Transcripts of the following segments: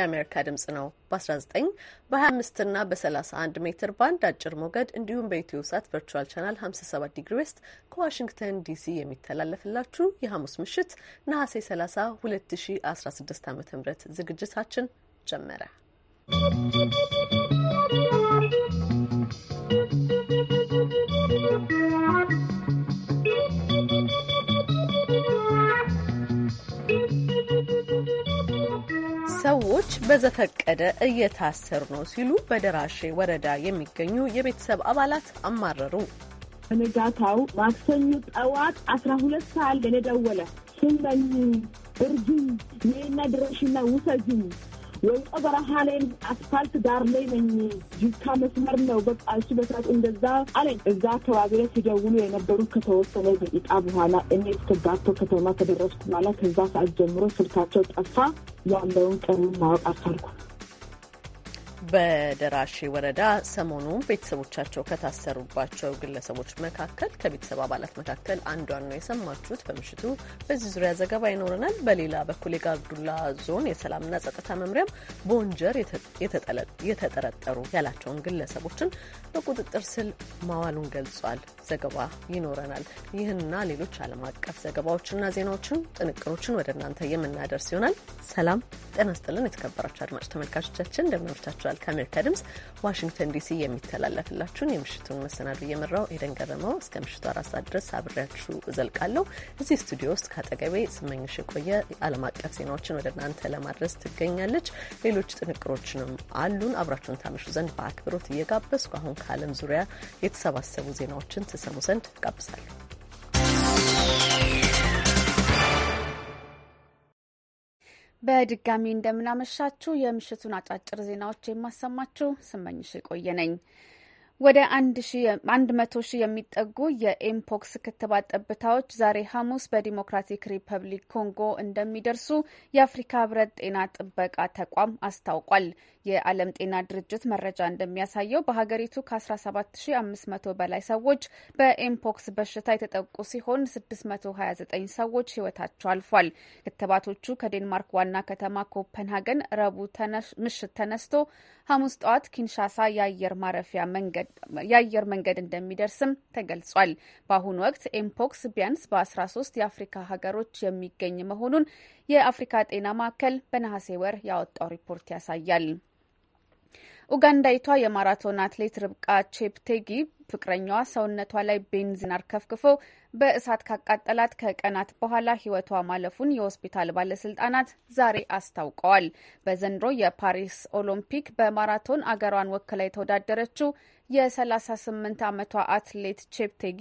የአሜሪካ ድምጽ ነው። በ19 በ25 እና በ31 ሜትር ባንድ አጭር ሞገድ እንዲሁም በኢትዮ ሳት ቨርቹዋል ቻናል 57 ዲግሪ ዌስት ከዋሽንግተን ዲሲ የሚተላለፍላችሁ የሐሙስ ምሽት ነሐሴ 30 2016 ዓ ም ዝግጅታችን ጀመረ። ሰዎች በዘፈቀደ እየታሰሩ ነው ሲሉ በደራሼ ወረዳ የሚገኙ የቤተሰብ አባላት አማረሩ። በነጋታው ማክሰኞ ጠዋት አስራ ሁለት ሰዓት ለኔ ደወለ። ስንበኝ እርጅኝ ይህና ድረሽና ውሰጅኝ ወይቀ በረሃ ላይ አስፋልት ዳር ላይ ነኝ ጅካ መስመር ነው በቃ እሱ በስራት እንደዛ አለኝ። እዛ አካባቢ ላይ ሲደውሉ የነበሩ ከተወሰነ ደቂቃ በኋላ እኔ እስከ ጋቶ ከተማ ከደረስኩ በኋላ ከዛ ሰዓት ጀምሮ ስልካቸው ጠፋ። ያለውን ቀኑን ማወቅ አልቻልኩም። በደራሼ ወረዳ ሰሞኑን ቤተሰቦቻቸው ከታሰሩባቸው ግለሰቦች መካከል ከቤተሰብ አባላት መካከል አንዷን ነው የሰማችሁት። በምሽቱ በዚህ ዙሪያ ዘገባ ይኖረናል። በሌላ በኩል የጋርዱላ ዞን የሰላምና ጸጥታ መምሪያም በወንጀር የተጠረጠሩ ያላቸውን ግለሰቦችን በቁጥጥር ስር ማዋሉን ገልጿል። ዘገባ ይኖረናል። ይህና ሌሎች ዓለም አቀፍ ዘገባዎችና ዜናዎችን ጥንቅሮችን ወደ እናንተ የምናደርስ ይሆናል። ሰላም ጤና ስጥልን። የተከበራችሁ አድማጭ ተመልካቾቻችን እንደምናምሽታችኋል ተዘጋጅቷል። ከአሜሪካ ድምጽ ዋሽንግተን ዲሲ የሚተላለፍላችሁን የምሽቱን መሰናዶ እየመራው ኤደን ገረመው እስከ ምሽቱ አራት ሰዓት ድረስ አብሬያችሁ እዘልቃለሁ። እዚህ ስቱዲዮ ውስጥ ከአጠገቤ ስመኝሽ የቆየ ዓለም አቀፍ ዜናዎችን ወደ እናንተ ለማድረስ ትገኛለች። ሌሎች ጥንቅሮችንም አሉን። አብራችሁን ታመሹ ዘንድ በአክብሮት እየጋበዝኩ አሁን ከዓለም ዙሪያ የተሰባሰቡ ዜናዎችን ትሰሙ ዘንድ ጋብዛለሁ። በድጋሚ እንደምናመሻችሁ የምሽቱን አጫጭር ዜናዎች የማሰማችሁ ስመኝሽ የቆየ ነኝ። ወደ አንድ መቶ ሺህ የሚጠጉ የኤምፖክስ ክትባት ጠብታዎች ዛሬ ሐሙስ በዲሞክራቲክ ሪፐብሊክ ኮንጎ እንደሚደርሱ የአፍሪካ ሕብረት ጤና ጥበቃ ተቋም አስታውቋል። የዓለም ጤና ድርጅት መረጃ እንደሚያሳየው በሀገሪቱ ከ17500 በላይ ሰዎች በኤምፖክስ በሽታ የተጠቁ ሲሆን 629 ሰዎች ሕይወታቸው አልፏል። ክትባቶቹ ከዴንማርክ ዋና ከተማ ኮፐንሃገን ረቡዕ ምሽት ተነስቶ ሐሙስ ጠዋት ኪንሻሳ የአየር ማረፊያ የአየር መንገድ እንደሚደርስም ተገልጿል። በአሁኑ ወቅት ኤምፖክስ ቢያንስ በ13 የአፍሪካ ሀገሮች የሚገኝ መሆኑን የአፍሪካ ጤና ማዕከል በነሐሴ ወር ያወጣው ሪፖርት ያሳያል። ኡጋንዳዊቷ የማራቶን አትሌት ርብቃ ቼፕቴጊ ፍቅረኛዋ ሰውነቷ ላይ ቤንዚን አርከፍክፎ በእሳት ካቃጠላት ከቀናት በኋላ ሕይወቷ ማለፉን የሆስፒታል ባለስልጣናት ዛሬ አስታውቀዋል። በዘንድሮ የፓሪስ ኦሎምፒክ በማራቶን አገሯን ወክላ የተወዳደረችው የ38 ዓመቷ አትሌት ቼፕቴጊ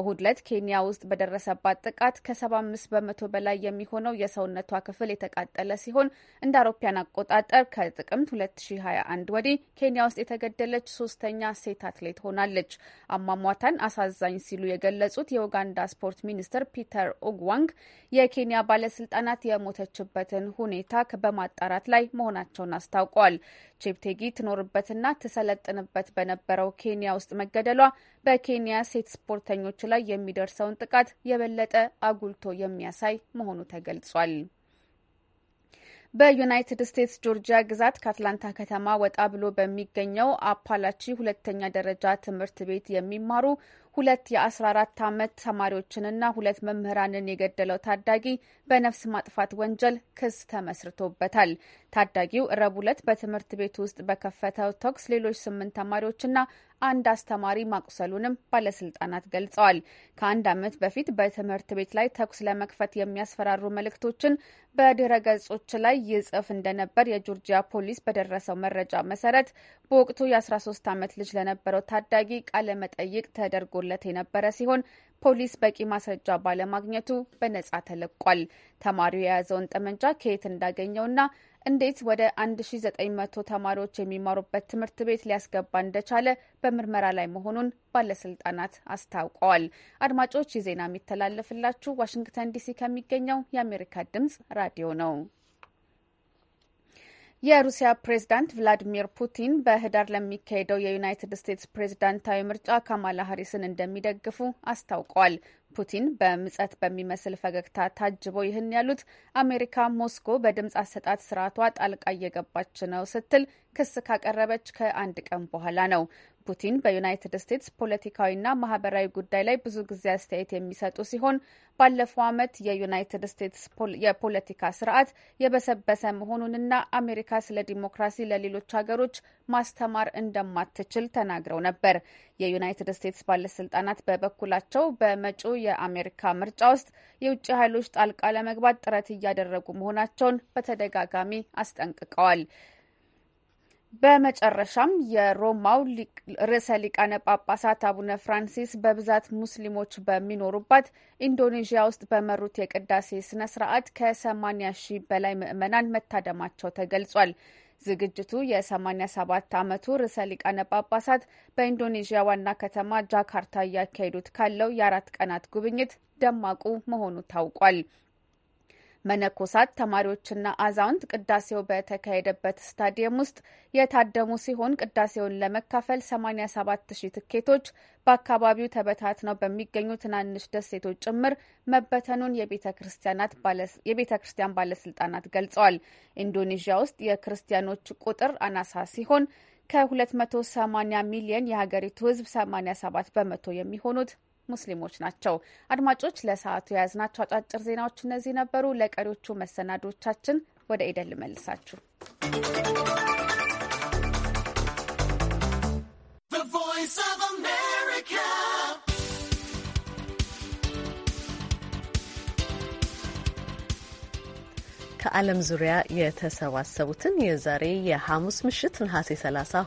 እሁድ ዕለት ኬንያ ውስጥ በደረሰባት ጥቃት ከ75 በመቶ በላይ የሚሆነው የሰውነቷ ክፍል የተቃጠለ ሲሆን እንደ አውሮፓውያን አቆጣጠር ከጥቅምት 2021 ወዲህ ኬንያ ውስጥ የተገደለች ሶስተኛ ሴት አትሌት ሆናለች። አሟሟታን አሳዛኝ ሲሉ የገለጹት የኡጋንዳ ስፖርት ሚኒስትር ፒተር ኦግዋንግ የኬንያ ባለስልጣናት የሞተችበትን ሁኔታ በማጣራት ላይ መሆናቸውን አስታውቀዋል። ቼፕቴጊ ትኖርበትና ትሰለጥንበት በነበረው ኬንያ ውስጥ መገደሏ በኬንያ ሴት ስፖርተኞች ላይ የሚደርሰውን ጥቃት የበለጠ አጉልቶ የሚያሳይ መሆኑ ተገልጿል። በዩናይትድ ስቴትስ ጆርጂያ ግዛት ከአትላንታ ከተማ ወጣ ብሎ በሚገኘው አፓላቺ ሁለተኛ ደረጃ ትምህርት ቤት የሚማሩ ሁለት የ14 ዓመት ተማሪዎችንና ሁለት መምህራንን የገደለው ታዳጊ በነፍስ ማጥፋት ወንጀል ክስ ተመስርቶበታል። ታዳጊው ረቡዕ ዕለት በትምህርት ቤት ውስጥ በከፈተው ተኩስ ሌሎች ስምንት ተማሪዎችና አንድ አስተማሪ ማቁሰሉንም ባለስልጣናት ገልጸዋል። ከአንድ ዓመት በፊት በትምህርት ቤት ላይ ተኩስ ለመክፈት የሚያስፈራሩ መልእክቶችን በድረ ገጾች ላይ ይጽፍ እንደነበር የጆርጂያ ፖሊስ በደረሰው መረጃ መሰረት በወቅቱ የ13 ዓመት ልጅ ለነበረው ታዳጊ ቃለ መጠይቅ ተደርጎ ተደርጎለት የነበረ ሲሆን ፖሊስ በቂ ማስረጃ ባለማግኘቱ በነጻ ተለቋል። ተማሪው የያዘውን ጠመንጃ ከየት እንዳገኘውና እንዴት ወደ 1900 ተማሪዎች የሚማሩበት ትምህርት ቤት ሊያስገባ እንደቻለ በምርመራ ላይ መሆኑን ባለስልጣናት አስታውቀዋል። አድማጮች፣ ይህ ዜና የሚተላለፍላችሁ ዋሽንግተን ዲሲ ከሚገኘው የአሜሪካ ድምጽ ራዲዮ ነው። የሩሲያ ፕሬዝዳንት ቭላዲሚር ፑቲን በህዳር ለሚካሄደው የዩናይትድ ስቴትስ ፕሬዝዳንታዊ ምርጫ ካማላ ሀሪስን እንደሚደግፉ አስታውቀዋል። ፑቲን በምጸት በሚመስል ፈገግታ ታጅበው ይህን ያሉት አሜሪካ ሞስኮ በድምፅ አሰጣት ስርዓቷ ጣልቃ እየገባች ነው ስትል ክስ ካቀረበች ከአንድ ቀን በኋላ ነው። ፑቲን በዩናይትድ ስቴትስ ፖለቲካዊና ማህበራዊ ጉዳይ ላይ ብዙ ጊዜ አስተያየት የሚሰጡ ሲሆን ባለፈው ዓመት የዩናይትድ ስቴትስ የፖለቲካ ስርዓት የበሰበሰ መሆኑንና አሜሪካ ስለ ዲሞክራሲ ለሌሎች ሀገሮች ማስተማር እንደማትችል ተናግረው ነበር። የዩናይትድ ስቴትስ ባለስልጣናት በበኩላቸው በመጪው የአሜሪካ ምርጫ ውስጥ የውጭ ኃይሎች ጣልቃ ለመግባት ጥረት እያደረጉ መሆናቸውን በተደጋጋሚ አስጠንቅቀዋል። በመጨረሻም የሮማው ርዕሰ ሊቃነ ጳጳሳት አቡነ ፍራንሲስ በብዛት ሙስሊሞች በሚኖሩባት ኢንዶኔዥያ ውስጥ በመሩት የቅዳሴ ስነ ስርዓት ከ80 ሺህ በላይ ምዕመናን መታደማቸው ተገልጿል። ዝግጅቱ የ87 ዓመቱ ርዕሰ ሊቃነ ጳጳሳት በኢንዶኔዥያ ዋና ከተማ ጃካርታ እያካሄዱት ካለው የአራት ቀናት ጉብኝት ደማቁ መሆኑ ታውቋል። መነኮሳት፣ ተማሪዎችና አዛውንት ቅዳሴው በተካሄደበት ስታዲየም ውስጥ የታደሙ ሲሆን ቅዳሴውን ለመካፈል 87 ሺህ ትኬቶች በአካባቢው ተበታትነው በሚገኙ ትናንሽ ደሴቶች ጭምር መበተኑን የቤተ ክርስቲያን ባለስልጣናት ገልጸዋል። ኢንዶኔዥያ ውስጥ የክርስቲያኖች ቁጥር አናሳ ሲሆን ከ280 ሚሊየን የሀገሪቱ ሕዝብ 87 በመቶ የሚሆኑት ሙስሊሞች ናቸው። አድማጮች ለሰዓቱ የያዝናቸው አጫጭር ዜናዎች እነዚህ ነበሩ። ለቀሪዎቹ መሰናዶቻችን ወደ ኢደን ልመልሳችሁ። ከዓለም ዙሪያ የተሰባሰቡትን የዛሬ የሐሙስ ምሽት ነሐሴ 30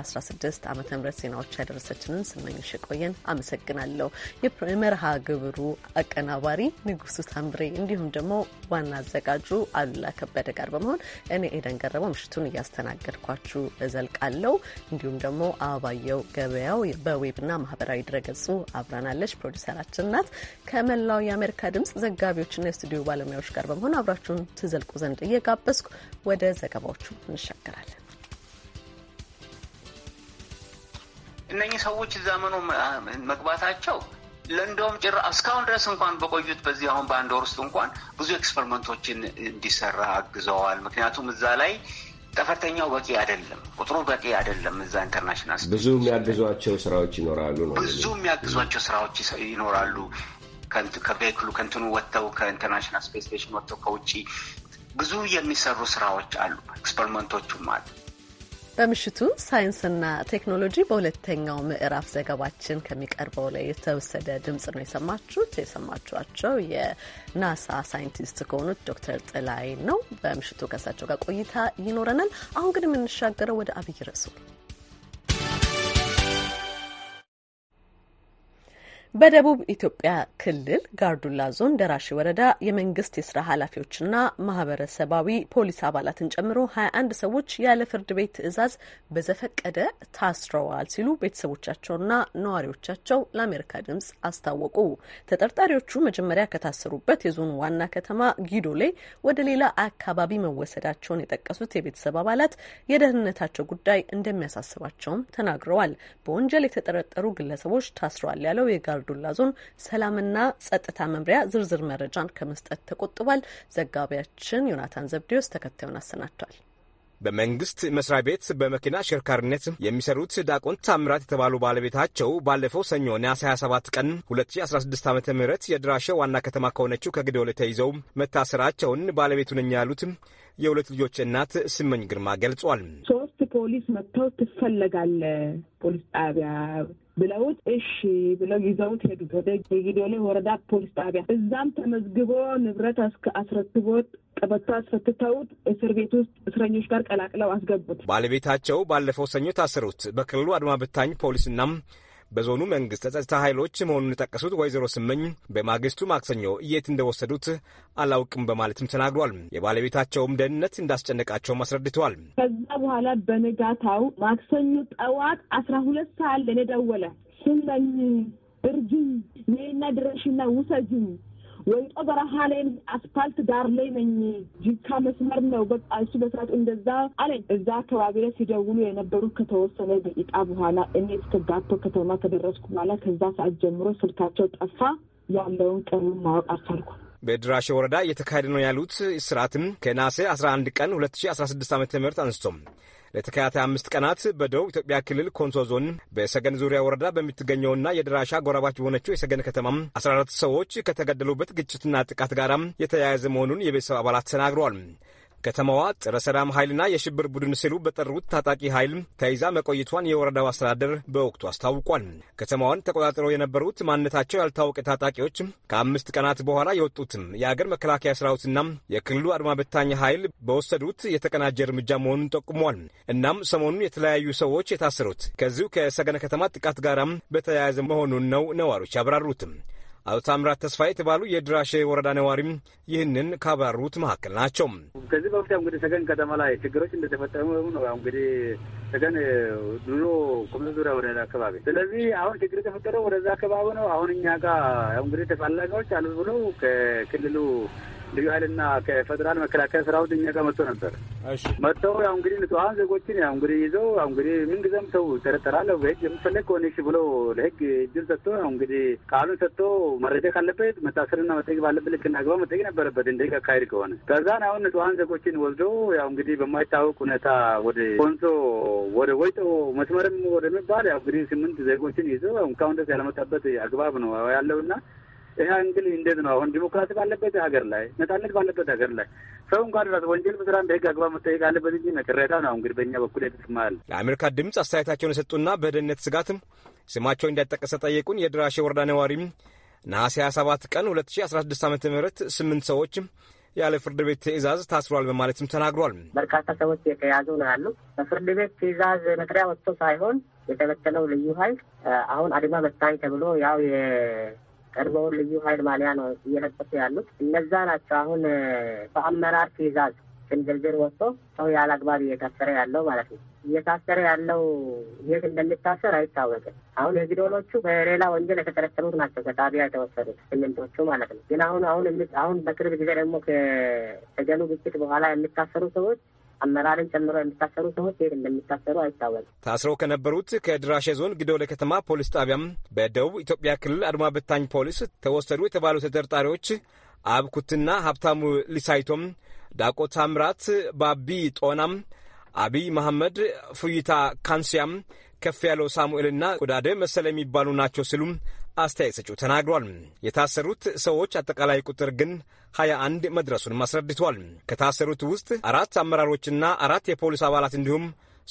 2016 ዓ ም ዜናዎች ያደረሰችንን ስመኝሽ ቆየን አመሰግናለሁ። የመርሃ ግብሩ አቀናባሪ ንጉሱ ታምሬ እንዲሁም ደግሞ ዋና አዘጋጁ አሉላ ከበደ ጋር በመሆን እኔ ኤደን ገረመው ምሽቱን እያስተናገድኳችሁ እዘልቃለሁ። እንዲሁም ደግሞ አበባየው ገበያው በዌብና ማህበራዊ ድረገጹ አብራናለች። ፕሮዲሰራችን ናት። ከመላው የአሜሪካ ድምጽ ዘጋቢዎችና የስቱዲዮ ባለሙያዎች ጋር በመሆን አብራችሁን ትዘልቁ ዘንድ እየጋበዝኩ ወደ ዘገባዎቹ እንሻገራለን። እነኚህ ሰዎች እዛ መኖ መግባታቸው ለእንደውም ጭራ እስካሁን ድረስ እንኳን በቆዩት በዚህ አሁን በአንድ ወር ውስጥ እንኳን ብዙ ኤክስፐሪመንቶችን እንዲሰራ አግዘዋል። ምክንያቱም እዛ ላይ ጠፈርተኛው በቂ አይደለም፣ ቁጥሩ በቂ አይደለም። እዛ ኢንተርናሽናል ብዙ የሚያግዟቸው ስራዎች ይኖራሉ ነው ብዙ የሚያግዟቸው ስራዎች ይኖራሉ። ከቬክሉ ከንትኑ ወጥተው ከኢንተርናሽናል ስፔስ ስቴሽን ወጥተው ከውጭ ብዙ የሚሰሩ ስራዎች አሉ፣ ኤክስፐሪመንቶቹም አሉ። በምሽቱ ሳይንስና ቴክኖሎጂ በሁለተኛው ምዕራፍ ዘገባችን ከሚቀርበው ላይ የተወሰደ ድምጽ ነው የሰማችሁት። የሰማችኋቸው የናሳ ሳይንቲስት ከሆኑት ዶክተር ጥላይ ነው። በምሽቱ ከእሳቸው ጋር ቆይታ ይኖረናል። አሁን ግን የምንሻገረው ወደ አብይ ርዕሱ ነው። በደቡብ ኢትዮጵያ ክልል ጋርዱላ ዞን ደራሽ ወረዳ የመንግስት የስራ ኃላፊዎችና ማህበረሰባዊ ፖሊስ አባላትን ጨምሮ ሀያ አንድ ሰዎች ያለ ፍርድ ቤት ትዕዛዝ በዘፈቀደ ታስረዋል ሲሉ ቤተሰቦቻቸውና ነዋሪዎቻቸው ለአሜሪካ ድምጽ አስታወቁ። ተጠርጣሪዎቹ መጀመሪያ ከታሰሩበት የዞኑ ዋና ከተማ ጊዶሌ ወደ ሌላ አካባቢ መወሰዳቸውን የጠቀሱት የቤተሰብ አባላት የደህንነታቸው ጉዳይ እንደሚያሳስባቸውም ተናግረዋል። በወንጀል የተጠረጠሩ ግለሰቦች ታስረዋል ያለው የጋምቤላ ዞን ሰላምና ጸጥታ መምሪያ ዝርዝር መረጃን ከመስጠት ተቆጥቧል። ዘጋቢያችን ዮናታን ዘብዴዎስ ተከታዩን አሰናድቷል። በመንግስት መስሪያ ቤት በመኪና አሽከርካሪነት የሚሰሩት ዳቆን ታምራት የተባሉ ባለቤታቸው ባለፈው ሰኞ ነሐሴ 27 ቀን 2016 ዓ ም የድራሸ ዋና ከተማ ከሆነችው ከግዶሌ ተይዘው መታሰራቸውን ባለቤቱ ነኝ ያሉት የሁለት ልጆች እናት ስመኝ ግርማ ገልጿል። ሶስት ፖሊስ መጥተው ትፈለጋለ ፖሊስ ጣቢያ ብለውት እሺ ብለው ይዘውት ሄዱ ወደ ወረዳ ፖሊስ ጣቢያ። እዛም ተመዝግቦ ንብረት አስረክቦት ቀበቶ አስፈትተውት እስር ቤት ውስጥ እስረኞች ጋር ቀላቅለው አስገቡት። ባለቤታቸው ባለፈው ሰኞ ታሰሩት በክልሉ አድማ ብታኝ ፖሊስና በዞኑ መንግስት ጸጥታ ኃይሎች መሆኑን የጠቀሱት ወይዘሮ ስመኝ በማግስቱ ማክሰኞ የት እንደወሰዱት አላውቅም በማለትም ተናግሯል። የባለቤታቸውም ደህንነት እንዳስጨነቃቸውም አስረድተዋል። ከዛ በኋላ በንጋታው ማክሰኞ ጠዋት አስራ ሁለት ሰዓት ለኔ ደወለ። ስመኝ እርጅኝ ነይና ድረሽና ውሰጅኝ ወይጦ በረሃ ላይ አስፋልት ዳር ላይ ነኝ ጂካ መስመር ነው በቃ እሱ በሰዓቱ እንደዛ አለኝ። እዛ አካባቢ ላይ ሲደውሉ የነበሩት ከተወሰነ ደቂቃ በኋላ እኔ እስከ ጋቶ ከተማ ከደረስኩ በኋላ ከዛ ሰዓት ጀምሮ ስልካቸው ጠፋ። ያለውን ቀኑን ማወቅ አልቻልኩ። በድራሼ ወረዳ እየተካሄደ ነው ያሉት ስርዓትም ከናሴ 11 ቀን 2016 ዓ ም አንስቶም ለተከታታይ አምስት ቀናት በደቡብ ኢትዮጵያ ክልል ኮንሶ ዞን በሰገን ዙሪያ ወረዳ በምትገኘውና የድራሻ ጎራባች በሆነችው የሰገን ከተማ 14 ሰዎች ከተገደሉበት ግጭትና ጥቃት ጋር የተያያዘ መሆኑን የቤተሰብ አባላት ተናግረዋል። ከተማዋ ጸረ ሰላም ኃይልና የሽብር ቡድን ሲሉ በጠሩት ታጣቂ ኃይል ተይዛ መቆየቷን የወረዳው አስተዳደር በወቅቱ አስታውቋል። ከተማዋን ተቆጣጥረው የነበሩት ማንነታቸው ያልታወቀ ታጣቂዎች ከአምስት ቀናት በኋላ የወጡትም የአገር መከላከያ ሰራዊትና የክልሉ አድማ በታኝ ኃይል በወሰዱት የተቀናጀ እርምጃ መሆኑን ጠቁሟል። እናም ሰሞኑን የተለያዩ ሰዎች የታሰሩት ከዚሁ ከሰገነ ከተማ ጥቃት ጋራም በተያያዘ መሆኑን ነው ነዋሪዎች ያብራሩትም። አቶ ታምራት ተስፋ የተባሉ የድራሼ ወረዳ ነዋሪም ይህንን ካብራሩት መካከል ናቸው። ከዚህ በፊት እንግዲህ ሰገን ከተማ ላይ ችግሮች እንደተፈጠሙ ነው። እንግዲህ ሰገን ድሮ ቁምስ ዙሪያ ወረዳ አካባቢ፣ ስለዚህ አሁን ችግር የተፈጠረው ወደዛ አካባቢ ነው። አሁን እኛ ጋር እንግዲህ ተፈላጊዎች አሉ ብሎ ከክልሉ ልዩ ኃይልና ከፌደራል መከላከያ ሰራዊት እኛ ጋር መጥቶ ነበር። መጥተው ያው እንግዲህ ንጹሀን ዜጎችን ያው እንግዲህ ይዘው ያው እንግዲህ ምንጊዜም ሰው ይጠረጠራል። በህግ የምፈለግ ከሆነሽ ብሎ ለህግ እጅል ሰጥቶ ያው እንግዲህ ቃሉን ሰጥቶ መረጃ ካለበት መታሰርና መጠየቅ ባለበት ልክ እና አግባብ መጠየቅ ነበረበት። እንደ ህግ አካሄድ ከሆነ ከዛን አሁን ንጹሀን ዜጎችን ወስዶ ያው እንግዲህ በማይታወቅ ሁኔታ ወደ ኮንሶ ወደ ወይጦ መስመርም ወደሚባል ያው እንግዲህ ስምንት ዜጎችን ይዘው እስካሁን ድረስ ያለመጣበት አግባብ ነው ያለውና ይህ እንግዲህ እንዴት ነው አሁን ዲሞክራሲ ባለበት ሀገር ላይ ነጻነት ባለበት ሀገር ላይ ሰው እንኳን ራሱ ወንጀል ብስራ እንደ ህግ አግባብ መጠየቅ አለበት እንጂ ቅሬታ ነው እንግዲህ በእኛ በኩል የተስማል። የአሜሪካ ድምፅ አስተያየታቸውን የሰጡና በደህንነት ስጋትም ስማቸው እንዳይጠቀሰ ጠየቁን የድራሼ ወረዳ ነዋሪም ነሐሴ 27 ቀን 2016 ዓ ም ስምንት ሰዎች ያለ ፍርድ ቤት ትእዛዝ ታስሯል በማለትም ተናግሯል። በርካታ ሰዎች የተያዙ ነው ያሉ በፍርድ ቤት ትእዛዝ መጥሪያ ወጥቶ ሳይሆን የተበተነው ልዩ ኃይል አሁን አድማ በታኝ ተብሎ ያው ቀርበውን ልዩ ኃይል ማሊያ ነው እየለበሱ ያሉት እነዛ ናቸው። አሁን በአመራር ትዕዛዝ ስም ዝርዝር ወጥቶ ሰው ያለ አግባብ እየታሰረ ያለው ማለት ነው። እየታሰረ ያለው የት እንደሚታሰር አይታወቅም። አሁን የግዶሎቹ በሌላ ወንጀል የተጠረጠሩት ናቸው ከጣቢያ የተወሰዱት ስምንቶቹ ማለት ነው። ግን አሁን አሁን አሁን በቅርብ ጊዜ ደግሞ ከተገኑ ግጭት በኋላ የሚታሰሩ ሰዎች አመራርን ጨምሮ የሚታሰሩ ሰዎች የት እንደሚታሰሩ አይታወቅም። ታስረው ከነበሩት ከድራሼ ዞን ግዶለ ከተማ ፖሊስ ጣቢያም በደቡብ ኢትዮጵያ ክልል አድማ በታኝ ፖሊስ ተወሰዱ የተባሉ ተጠርጣሪዎች አብኩትና ሀብታሙ ሊሳይቶም፣ ዳቆ ታምራት፣ ባቢ ጦናም፣ አቢይ መሐመድ፣ ፉይታ ካንሲያም ከፍ ያለው ሳሙኤልና ቁዳደ መሰለ የሚባሉ ናቸው ሲሉም አስተያየት ሰጪው ተናግሯል። የታሰሩት ሰዎች አጠቃላይ ቁጥር ግን 21 መድረሱንም አስረድቷል። ከታሰሩት ውስጥ አራት አመራሮችና አራት የፖሊስ አባላት እንዲሁም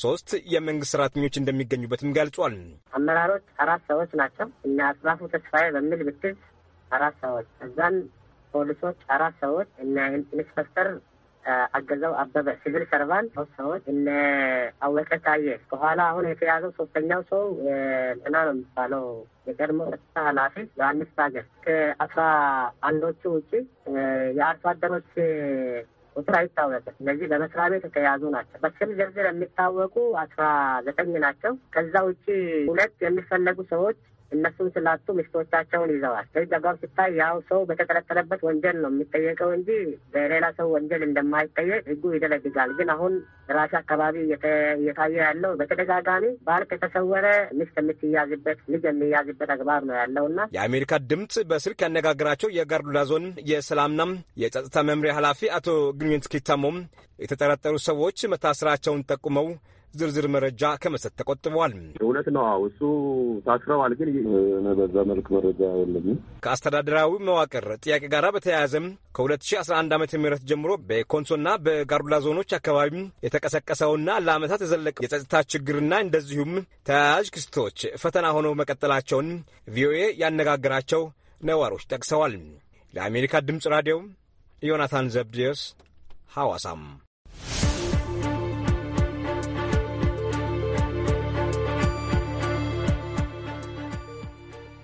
ሶስት የመንግስት ሰራተኞች እንደሚገኙበትም ገልጿል። አመራሮች አራት ሰዎች ናቸው እና አስራፉ ተስፋዬ በሚል ብትል አራት ሰዎች እዛን ፖሊሶች አራት ሰዎች እነ ኢንስፐክተር አገዛው አበበ ሲቪል ሰርቫንት ሶስት ሰዎች እነ አወቀ ታየ ከኋላ አሁን የተያዘው ሶስተኛው ሰው ጥና ነው የሚባለው የቀድሞ ጸጥታ ኃላፊ ዮሐንስ ሀገር ከአስራ አንዶቹ ውጭ የአርሶ አደሮች ቁጥር አይታወቅም። እነዚህ በመስሪያ ቤት የተያዙ ናቸው። በስም ዝርዝር የሚታወቁ አስራ ዘጠኝ ናቸው። ከዛ ውጭ ሁለት የሚፈለጉ ሰዎች እነሱም ስላጡ ሚስቶቻቸውን ይዘዋል። ስለዚህ ዘገባው ሲታይ ያው ሰው በተጠረጠረበት ወንጀል ነው የሚጠየቀው እንጂ በሌላ ሰው ወንጀል እንደማይጠየቅ ህጉ ይደነግጋል። ግን አሁን ራሻ አካባቢ እየታየ ያለው በተደጋጋሚ ባል ከተሰወረ ሚስት የምትያዝበት ልጅ የሚያዝበት አግባብ ነው ያለውና የአሜሪካ ድምፅ በስልክ ያነጋገራቸው የጋርዱላ ዞን የሰላምና የጸጥታ መምሪያ ኃላፊ አቶ ግንዊንት ኪታሞም የተጠረጠሩ ሰዎች መታሰራቸውን ጠቁመው ዝርዝር መረጃ ከመሰጥ ተቆጥበዋል። እውነት ነው እሱ ታስረዋል፣ ግን በዛ መልክ መረጃ የለም። ከአስተዳደራዊ መዋቅር ጥያቄ ጋር በተያያዘም ከ2011 ዓ ም ጀምሮ በኮንሶና በጋርዱላ ዞኖች አካባቢ የተቀሰቀሰውና ለዓመታት የዘለቀው የጸጥታ ችግርና እንደዚሁም ተያያዥ ክስቶች ፈተና ሆነው መቀጠላቸውን ቪኦኤ ያነጋገራቸው ነዋሪዎች ጠቅሰዋል። ለአሜሪካ ድምፅ ራዲዮ ዮናታን ዘብድስ ሐዋሳም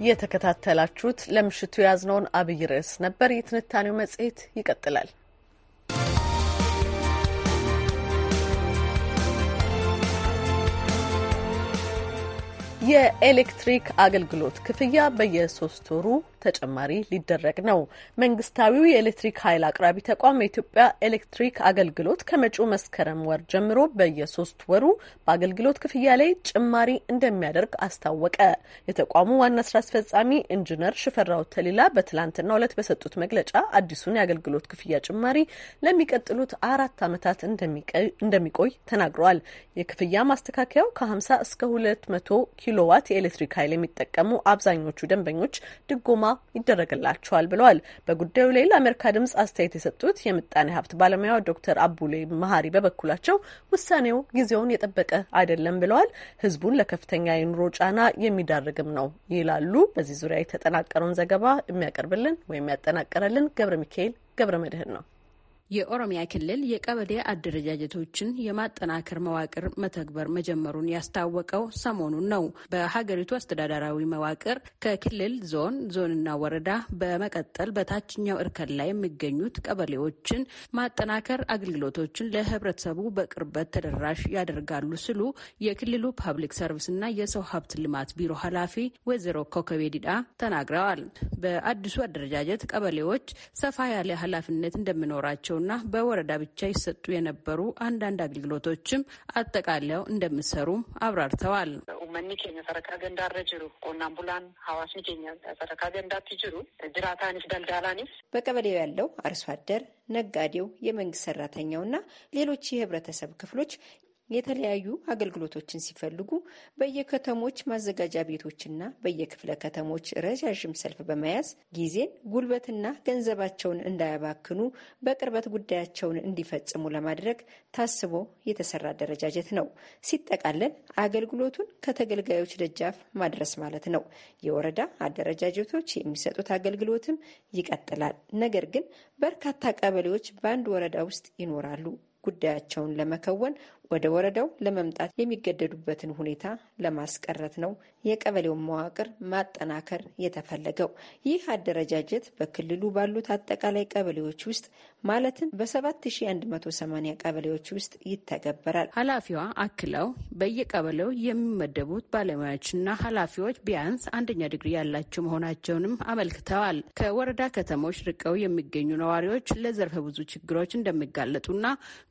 የተከታተላችሁት ለምሽቱ የያዝነውን አብይ ርዕስ ነበር። የትንታኔው መጽሔት ይቀጥላል። የኤሌክትሪክ አገልግሎት ክፍያ በየሶስት ወሩ ተጨማሪ ሊደረግ ነው። መንግስታዊው የኤሌክትሪክ ኃይል አቅራቢ ተቋም የኢትዮጵያ ኤሌክትሪክ አገልግሎት ከመጪው መስከረም ወር ጀምሮ በየሶስት ወሩ በአገልግሎት ክፍያ ላይ ጭማሪ እንደሚያደርግ አስታወቀ። የተቋሙ ዋና ስራ አስፈጻሚ ኢንጂነር ሽፈራው ተሊላ በትላንትናው ዕለት በሰጡት መግለጫ አዲሱን የአገልግሎት ክፍያ ጭማሪ ለሚቀጥሉት አራት ዓመታት እንደሚቆይ ተናግረዋል። የክፍያ ማስተካከያው ከ50 እስከ 200 ኪሎዋት የኤሌክትሪክ ኃይል የሚጠቀሙ አብዛኞቹ ደንበኞች ድጎማ ይደረግላቸዋል ብለዋል። በጉዳዩ ላይ ለአሜሪካ ድምጽ አስተያየት የሰጡት የምጣኔ ሀብት ባለሙያ ዶክተር አቡሌ መሀሪ በበኩላቸው ውሳኔው ጊዜውን የጠበቀ አይደለም ብለዋል። ህዝቡን ለከፍተኛ የኑሮ ጫና የሚዳርግም ነው ይላሉ። በዚህ ዙሪያ የተጠናቀረውን ዘገባ የሚያቀርብልን ወይም ያጠናቀረልን ገብረ ሚካኤል ገብረ መድህን ነው። የኦሮሚያ ክልል የቀበሌ አደረጃጀቶችን የማጠናከር መዋቅር መተግበር መጀመሩን ያስታወቀው ሰሞኑን ነው። በሀገሪቱ አስተዳደራዊ መዋቅር ከክልል ዞን፣ ዞንና ወረዳ በመቀጠል በታችኛው እርከን ላይ የሚገኙት ቀበሌዎችን ማጠናከር አገልግሎቶችን ለህብረተሰቡ በቅርበት ተደራሽ ያደርጋሉ ሲሉ የክልሉ ፓብሊክ ና የሰው ሀብት ልማት ቢሮ ኃላፊ ወይዘሮ ኮከቤ ዲዳ ተናግረዋል። በአዲሱ አደረጃጀት ቀበሌዎች ሰፋ ያለ ኃላፊነት እንደሚኖራቸው በዞናቸውና በወረዳ ብቻ ይሰጡ የነበሩ አንዳንድ አገልግሎቶችም አጠቃለው እንደሚሰሩም አብራርተዋል። ኡመኒ ኬኛ ሰረካ ገንዳረ ጅሩ ቆናን ቡላን ሀዋስኒ ኬኛ ሰረካ ገንዳት ጅሩ ጅራታኒስ ደልዳላኒስ በቀበሌው ያለው አርሶ አደር፣ ነጋዴው፣ የመንግስት ሰራተኛው ሰራተኛውና ሌሎች የህብረተሰብ ክፍሎች የተለያዩ አገልግሎቶችን ሲፈልጉ በየከተሞች ማዘጋጃ ቤቶችና በየክፍለ ከተሞች ረዣዥም ሰልፍ በመያዝ ጊዜን፣ ጉልበትና ገንዘባቸውን እንዳያባክኑ በቅርበት ጉዳያቸውን እንዲፈጽሙ ለማድረግ ታስቦ የተሰራ አደረጃጀት ነው። ሲጠቃለል አገልግሎቱን ከተገልጋዮች ደጃፍ ማድረስ ማለት ነው። የወረዳ አደረጃጀቶች የሚሰጡት አገልግሎትም ይቀጥላል። ነገር ግን በርካታ ቀበሌዎች በአንድ ወረዳ ውስጥ ይኖራሉ። ጉዳያቸውን ለመከወን ወደ ወረዳው ለመምጣት የሚገደዱበትን ሁኔታ ለማስቀረት ነው የቀበሌውን መዋቅር ማጠናከር የተፈለገው። ይህ አደረጃጀት በክልሉ ባሉት አጠቃላይ ቀበሌዎች ውስጥ ማለትም በ7180 ቀበሌዎች ውስጥ ይተገበራል። ኃላፊዋ አክለው በየቀበሌው የሚመደቡት ባለሙያዎችና ኃላፊዎች ቢያንስ አንደኛ ዲግሪ ያላቸው መሆናቸውንም አመልክተዋል። ከወረዳ ከተሞች ርቀው የሚገኙ ነዋሪዎች ለዘርፈ ብዙ ችግሮች እንደሚጋለጡና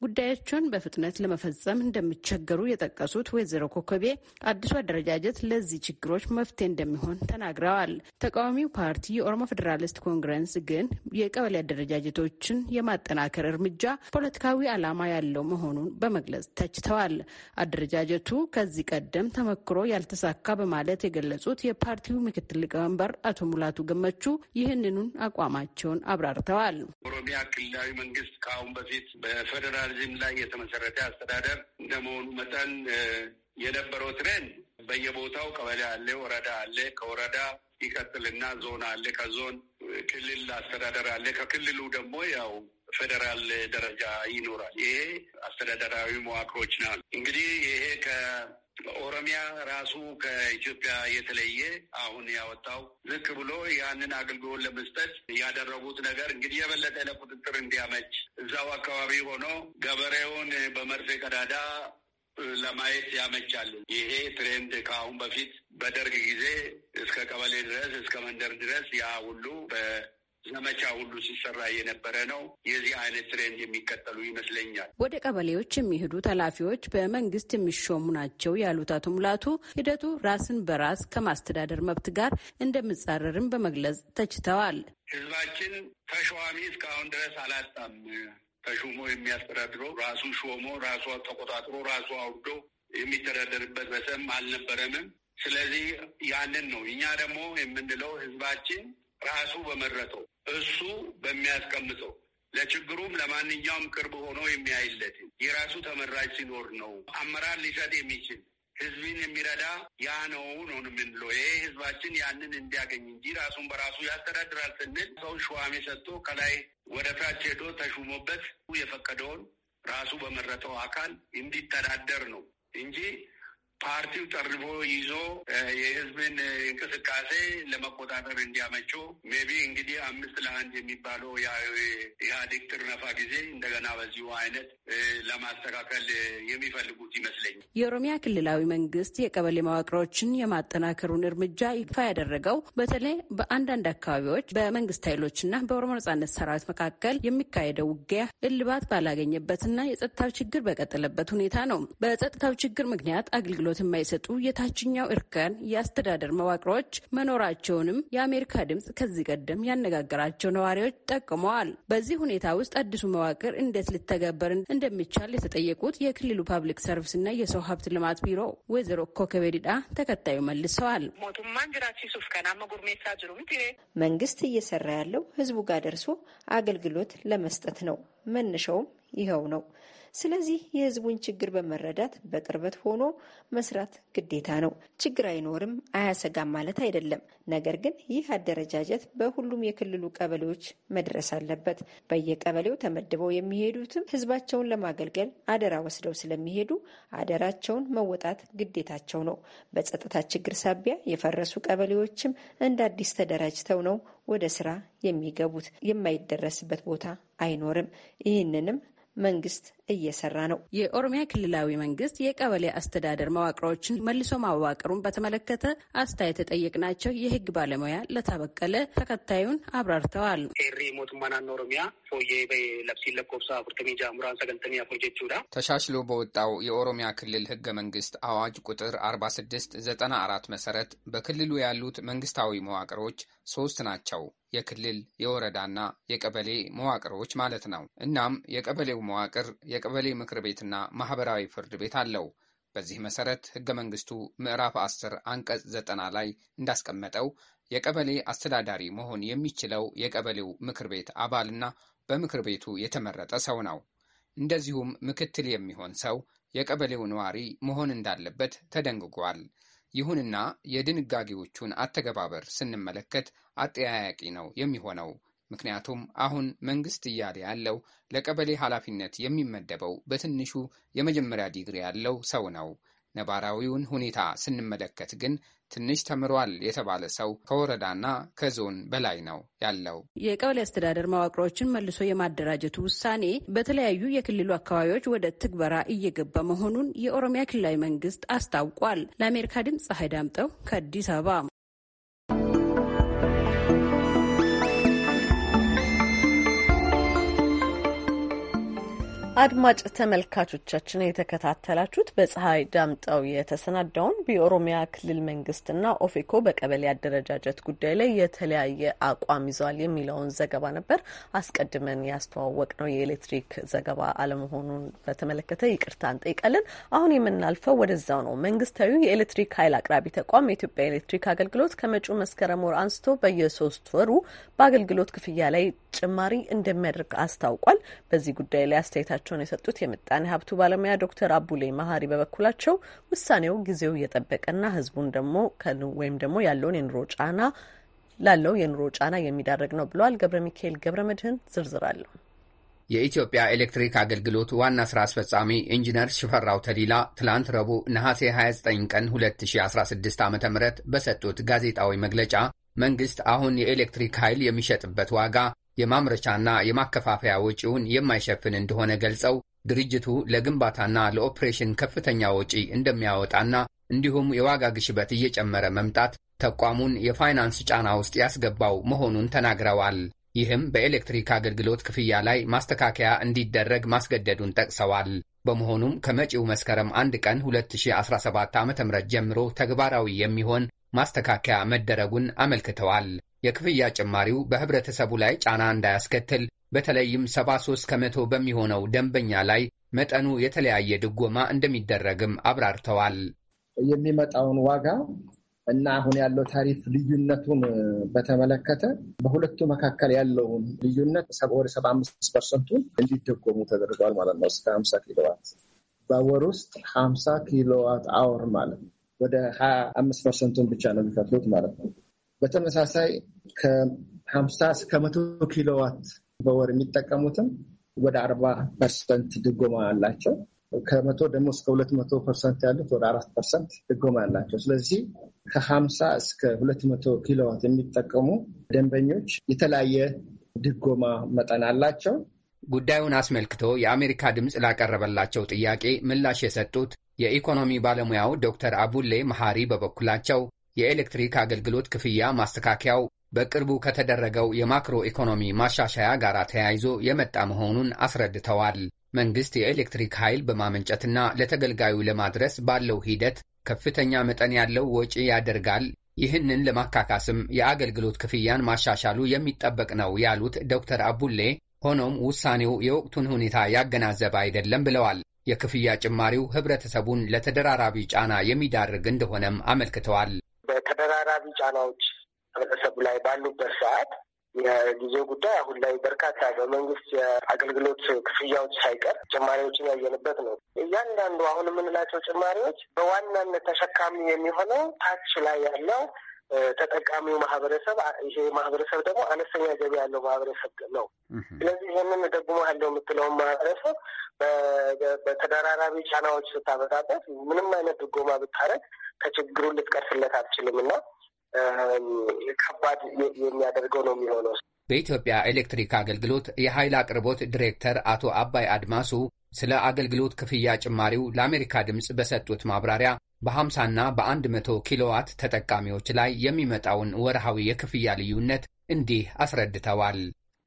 ጉዳዮችን በፍጥነት ለመፈጸም ለመፈጸም እንደሚቸገሩ የጠቀሱት ወይዘሮ ኮከቤ አዲሱ አደረጃጀት ለዚህ ችግሮች መፍትሄ እንደሚሆን ተናግረዋል። ተቃዋሚው ፓርቲ የኦሮሞ ፌዴራሊስት ኮንግረስ ግን የቀበሌ አደረጃጀቶችን የማጠናከር እርምጃ ፖለቲካዊ ዓላማ ያለው መሆኑን በመግለጽ ተችተዋል። አደረጃጀቱ ከዚህ ቀደም ተመክሮ ያልተሳካ በማለት የገለጹት የፓርቲው ምክትል ሊቀመንበር አቶ ሙላቱ ገመቹ ይህንኑን አቋማቸውን አብራርተዋል። ኦሮሚያ ክልላዊ መንግስት ከአሁን በፊት በፌዴራሊዝም ላይ የተመሰረተ አስተዳደር እንደመሆኑ መጠን የነበረው ትሬንድ በየቦታው ቀበሌ አለ፣ ወረዳ አለ፣ ከወረዳ ይቀጥልና ዞን አለ፣ ከዞን ክልል አስተዳደር አለ፣ ከክልሉ ደግሞ ያው ፌዴራል ደረጃ ይኖራል። ይሄ አስተዳደራዊ መዋቅሮች ናሉ። እንግዲህ ይሄ ከኦሮሚያ ራሱ ከኢትዮጵያ የተለየ አሁን ያወጣው ዝቅ ብሎ ያንን አገልግሎት ለመስጠት ያደረጉት ነገር እንግዲህ የበለጠ ለቁጥጥር እንዲያመች እዛው አካባቢ ሆኖ ገበሬውን በመርፌ ቀዳዳ ለማየት ያመቻል። ይሄ ትሬንድ ከአሁን በፊት በደርግ ጊዜ እስከ ቀበሌ ድረስ እስከ መንደር ድረስ ያ ሁሉ ዘመቻ ሁሉ ሲሰራ የነበረ ነው። የዚህ አይነት ትሬንድ የሚከተሉ ይመስለኛል። ወደ ቀበሌዎች የሚሄዱ ኃላፊዎች በመንግስት የሚሾሙ ናቸው ያሉት አቶ ሙላቱ ሂደቱ ራስን በራስ ከማስተዳደር መብት ጋር እንደምጻረርም በመግለጽ ተችተዋል። ህዝባችን ተሿሚ እስካሁን ድረስ አላጣም። ተሹሞ የሚያስተዳድረው ራሱ ሾሞ ራሱ ተቆጣጥሮ ራሱ አውዶ የሚተዳደርበት በሰም አልነበረምም። ስለዚህ ያንን ነው እኛ ደግሞ የምንለው ህዝባችን ራሱ በመረጠው እሱ በሚያስቀምጠው ለችግሩም ለማንኛውም ቅርብ ሆኖ የሚያይለት የራሱ ተመራጭ ሲኖር ነው አመራር ሊሰጥ የሚችል ህዝብን የሚረዳ ያ ነው ነው የምንለው። ይሄ ህዝባችን ያንን እንዲያገኝ እንጂ ራሱን በራሱ ያስተዳድራል ስንል ሰው ሸዋሚ ሰጥቶ ከላይ ወደ ታች ሄዶ ተሹሞበት የፈቀደውን ራሱ በመረጠው አካል እንዲተዳደር ነው እንጂ ፓርቲው ጠርቦ ይዞ የህዝብን እንቅስቃሴ ለመቆጣጠር እንዲያመቸው ሜቢ እንግዲህ አምስት ለአንድ የሚባለው የኢህአዴግ ትርነፋ ጊዜ እንደገና በዚሁ አይነት ለማስተካከል የሚፈልጉት ይመስለኛል። የኦሮሚያ ክልላዊ መንግስት የቀበሌ መዋቅሮችን የማጠናከሩን እርምጃ ይፋ ያደረገው በተለይ በአንዳንድ አካባቢዎች በመንግስት ኃይሎችና በኦሮሞ ነጻነት ሰራዊት መካከል የሚካሄደው ውጊያ እልባት ባላገኘበትና የጸጥታው ችግር በቀጠለበት ሁኔታ ነው። በጸጥታው ችግር ምክንያት አገልግሎት አገልግሎት የማይሰጡ የታችኛው እርከን የአስተዳደር መዋቅሮች መኖራቸውንም የአሜሪካ ድምፅ ከዚህ ቀደም ያነጋገራቸው ነዋሪዎች ጠቅመዋል። በዚህ ሁኔታ ውስጥ አዲሱ መዋቅር እንዴት ሊተገበር እንደሚቻል የተጠየቁት የክልሉ ፓብሊክ እና የሰው ሀብት ልማት ቢሮ ወይዘሮ ኮከቤዲዳ ተከታዩ መልሰዋል። መንግስት እየሰራ ያለው ህዝቡ ጋር ደርሶ አገልግሎት ለመስጠት ነው። መነሻውም ይኸው ነው። ስለዚህ የህዝቡን ችግር በመረዳት በቅርበት ሆኖ መስራት ግዴታ ነው። ችግር አይኖርም አያሰጋም ማለት አይደለም። ነገር ግን ይህ አደረጃጀት በሁሉም የክልሉ ቀበሌዎች መድረስ አለበት። በየቀበሌው ተመድበው የሚሄዱትም ህዝባቸውን ለማገልገል አደራ ወስደው ስለሚሄዱ አደራቸውን መወጣት ግዴታቸው ነው። በጸጥታ ችግር ሳቢያ የፈረሱ ቀበሌዎችም እንደ አዲስ ተደራጅተው ነው ወደ ስራ የሚገቡት። የማይደረስበት ቦታ አይኖርም። ይህንንም መንግስት እየሰራ ነው። የኦሮሚያ ክልላዊ መንግስት የቀበሌ አስተዳደር መዋቅሮችን መልሶ ማዋቅሩን በተመለከተ አስተያየት የጠየቅናቸው የህግ ባለሙያ ለታበቀለ ተከታዩን አብራርተዋል። ተሻሽሎ በወጣው የኦሮሚያ ክልል ህገ መንግስት አዋጅ ቁጥር 4694 መሰረት በክልሉ ያሉት መንግስታዊ መዋቅሮች ሶስት ናቸው። የክልል የወረዳና የቀበሌ መዋቅሮች ማለት ነው። እናም የቀበሌው መዋቅር የቀበሌ ምክር ቤትና ማህበራዊ ፍርድ ቤት አለው። በዚህ መሰረት ህገ መንግስቱ ምዕራፍ 10 አንቀጽ 90 ላይ እንዳስቀመጠው የቀበሌ አስተዳዳሪ መሆን የሚችለው የቀበሌው ምክር ቤት አባልና በምክር ቤቱ የተመረጠ ሰው ነው። እንደዚሁም ምክትል የሚሆን ሰው የቀበሌው ነዋሪ መሆን እንዳለበት ተደንግጓል። ይሁንና የድንጋጌዎቹን አተገባበር ስንመለከት አጠያያቂ ነው የሚሆነው። ምክንያቱም አሁን መንግስት እያለ ያለው ለቀበሌ ኃላፊነት የሚመደበው በትንሹ የመጀመሪያ ዲግሪ ያለው ሰው ነው። ነባራዊውን ሁኔታ ስንመለከት ግን ትንሽ ተምሯል የተባለ ሰው ከወረዳና ከዞን በላይ ነው ያለው። የቀበሌ አስተዳደር መዋቅሮችን መልሶ የማደራጀቱ ውሳኔ በተለያዩ የክልሉ አካባቢዎች ወደ ትግበራ እየገባ መሆኑን የኦሮሚያ ክልላዊ መንግስት አስታውቋል። ለአሜሪካ ድምፅ ፀሐይ ዳምጠው ከአዲስ አበባ አድማጭ ተመልካቾቻችን የተከታተላችሁት በፀሐይ ዳምጠው የተሰናዳውን በኦሮሚያ ክልል መንግስትና ኦፌኮ በቀበሌ አደረጃጀት ጉዳይ ላይ የተለያየ አቋም ይዘዋል የሚለውን ዘገባ ነበር። አስቀድመን ያስተዋወቅ ነው የኤሌክትሪክ ዘገባ አለመሆኑን በተመለከተ ይቅርታ እንጠይቃለን። አሁን የምናልፈው ወደዛው ነው። መንግስታዊ የኤሌክትሪክ ኃይል አቅራቢ ተቋም የኢትዮጵያ ኤሌክትሪክ አገልግሎት ከመጪው መስከረም ወር አንስቶ በየሶስት ወሩ በአገልግሎት ክፍያ ላይ ጭማሪ እንደሚያደርግ አስታውቋል። በዚህ ጉዳይ ላይ አስተያየታ አስተያየታቸውን የሰጡት የምጣኔ ሀብቱ ባለሙያ ዶክተር አቡሌ መሀሪ በበኩላቸው ውሳኔው ጊዜው እየጠበቀና ህዝቡን ደግሞ ወይም ደግሞ ያለውን የኑሮ ጫና ላለው የኑሮ ጫና የሚዳረግ ነው ብለዋል። ገብረ ሚካኤል ገብረ መድህን አለው። የኢትዮጵያ ኤሌክትሪክ አገልግሎት ዋና ስራ አስፈጻሚ ኢንጂነር ሽፈራው ተዲላ ትላንት ረቡዕ ነሐሴ 29 ቀን 2016 ዓ ም በሰጡት ጋዜጣዊ መግለጫ መንግሥት አሁን የኤሌክትሪክ ኃይል የሚሸጥበት ዋጋ የማምረቻና የማከፋፈያ ወጪውን የማይሸፍን እንደሆነ ገልጸው ድርጅቱ ለግንባታና ለኦፕሬሽን ከፍተኛ ወጪ እንደሚያወጣና እንዲሁም የዋጋ ግሽበት እየጨመረ መምጣት ተቋሙን የፋይናንስ ጫና ውስጥ ያስገባው መሆኑን ተናግረዋል። ይህም በኤሌክትሪክ አገልግሎት ክፍያ ላይ ማስተካከያ እንዲደረግ ማስገደዱን ጠቅሰዋል። በመሆኑም ከመጪው መስከረም አንድ ቀን 2017 ዓ.ም ጀምሮ ተግባራዊ የሚሆን ማስተካከያ መደረጉን አመልክተዋል። የክፍያ ጭማሪው በህብረተሰቡ ላይ ጫና እንዳያስከትል በተለይም 73 ከመቶ በሚሆነው ደንበኛ ላይ መጠኑ የተለያየ ድጎማ እንደሚደረግም አብራርተዋል። የሚመጣውን ዋጋ እና አሁን ያለው ታሪፍ ልዩነቱን በተመለከተ በሁለቱ መካከል ያለውን ልዩነት ወደ ሰባ አምስት ፐርሰንቱን እንዲደጎሙ ተደርጓል ማለት ነው። እስከ ሀምሳ ኪሎዋት በወር ውስጥ ሀምሳ ኪሎዋት አወር ማለት ነው። ወደ ሀያ አምስት ፐርሰንቱን ብቻ ነው የሚከፍሉት ማለት ነው። በተመሳሳይ ከ50 እስከ መቶ ኪሎዋት በወር የሚጠቀሙትም ወደ አርባ ፐርሰንት ድጎማ አላቸው። ከመቶ ደግሞ እስከ ሁለት መቶ ፐርሰንት ያሉት ወደ አራት ፐርሰንት ድጎማ ያላቸው። ስለዚህ ከሀምሳ እስከ ሁለት መቶ ኪሎዋት የሚጠቀሙ ደንበኞች የተለያየ ድጎማ መጠን አላቸው። ጉዳዩን አስመልክቶ የአሜሪካ ድምፅ ላቀረበላቸው ጥያቄ ምላሽ የሰጡት የኢኮኖሚ ባለሙያው ዶክተር አቡሌ መሐሪ በበኩላቸው የኤሌክትሪክ አገልግሎት ክፍያ ማስተካከያው በቅርቡ ከተደረገው የማክሮ ኢኮኖሚ ማሻሻያ ጋር ተያይዞ የመጣ መሆኑን አስረድተዋል። መንግሥት የኤሌክትሪክ ኃይል በማመንጨትና ለተገልጋዩ ለማድረስ ባለው ሂደት ከፍተኛ መጠን ያለው ወጪ ያደርጋል። ይህንን ለማካካስም የአገልግሎት ክፍያን ማሻሻሉ የሚጠበቅ ነው ያሉት ዶክተር አቡሌ፣ ሆኖም ውሳኔው የወቅቱን ሁኔታ ያገናዘበ አይደለም ብለዋል። የክፍያ ጭማሪው ህብረተሰቡን ለተደራራቢ ጫና የሚዳርግ እንደሆነም አመልክተዋል። በተደራራቢ ጫናዎች ህብረተሰቡ ላይ ባሉበት ሰዓት የጊዜው ጉዳይ አሁን ላይ በርካታ በመንግስት የአገልግሎት ክፍያዎች ሳይቀር ጭማሪዎችን ያየንበት ነው። እያንዳንዱ አሁን የምንላቸው ጭማሪዎች በዋናነት ተሸካሚ የሚሆነው ታች ላይ ያለው ተጠቃሚው ማህበረሰብ፣ ይሄ ማህበረሰብ ደግሞ አነስተኛ ገቢ ያለው ማህበረሰብ ነው። ስለዚህ ይህንን እደጉምሃለሁ የምትለውን ማህበረሰብ በተደራራቢ ጫናዎች ስታበጣበት ምንም አይነት ድጎማ ብታረግ ከችግሩ ልትቀርፍለት አትችልም እና ከባድ የሚያደርገው ነው የሚሆነው። በኢትዮጵያ ኤሌክትሪክ አገልግሎት የኃይል አቅርቦት ዲሬክተር አቶ አባይ አድማሱ ስለ አገልግሎት ክፍያ ጭማሪው ለአሜሪካ ድምፅ በሰጡት ማብራሪያ በ50ና በ100 ኪሎዋት ተጠቃሚዎች ላይ የሚመጣውን ወርሃዊ የክፍያ ልዩነት እንዲህ አስረድተዋል።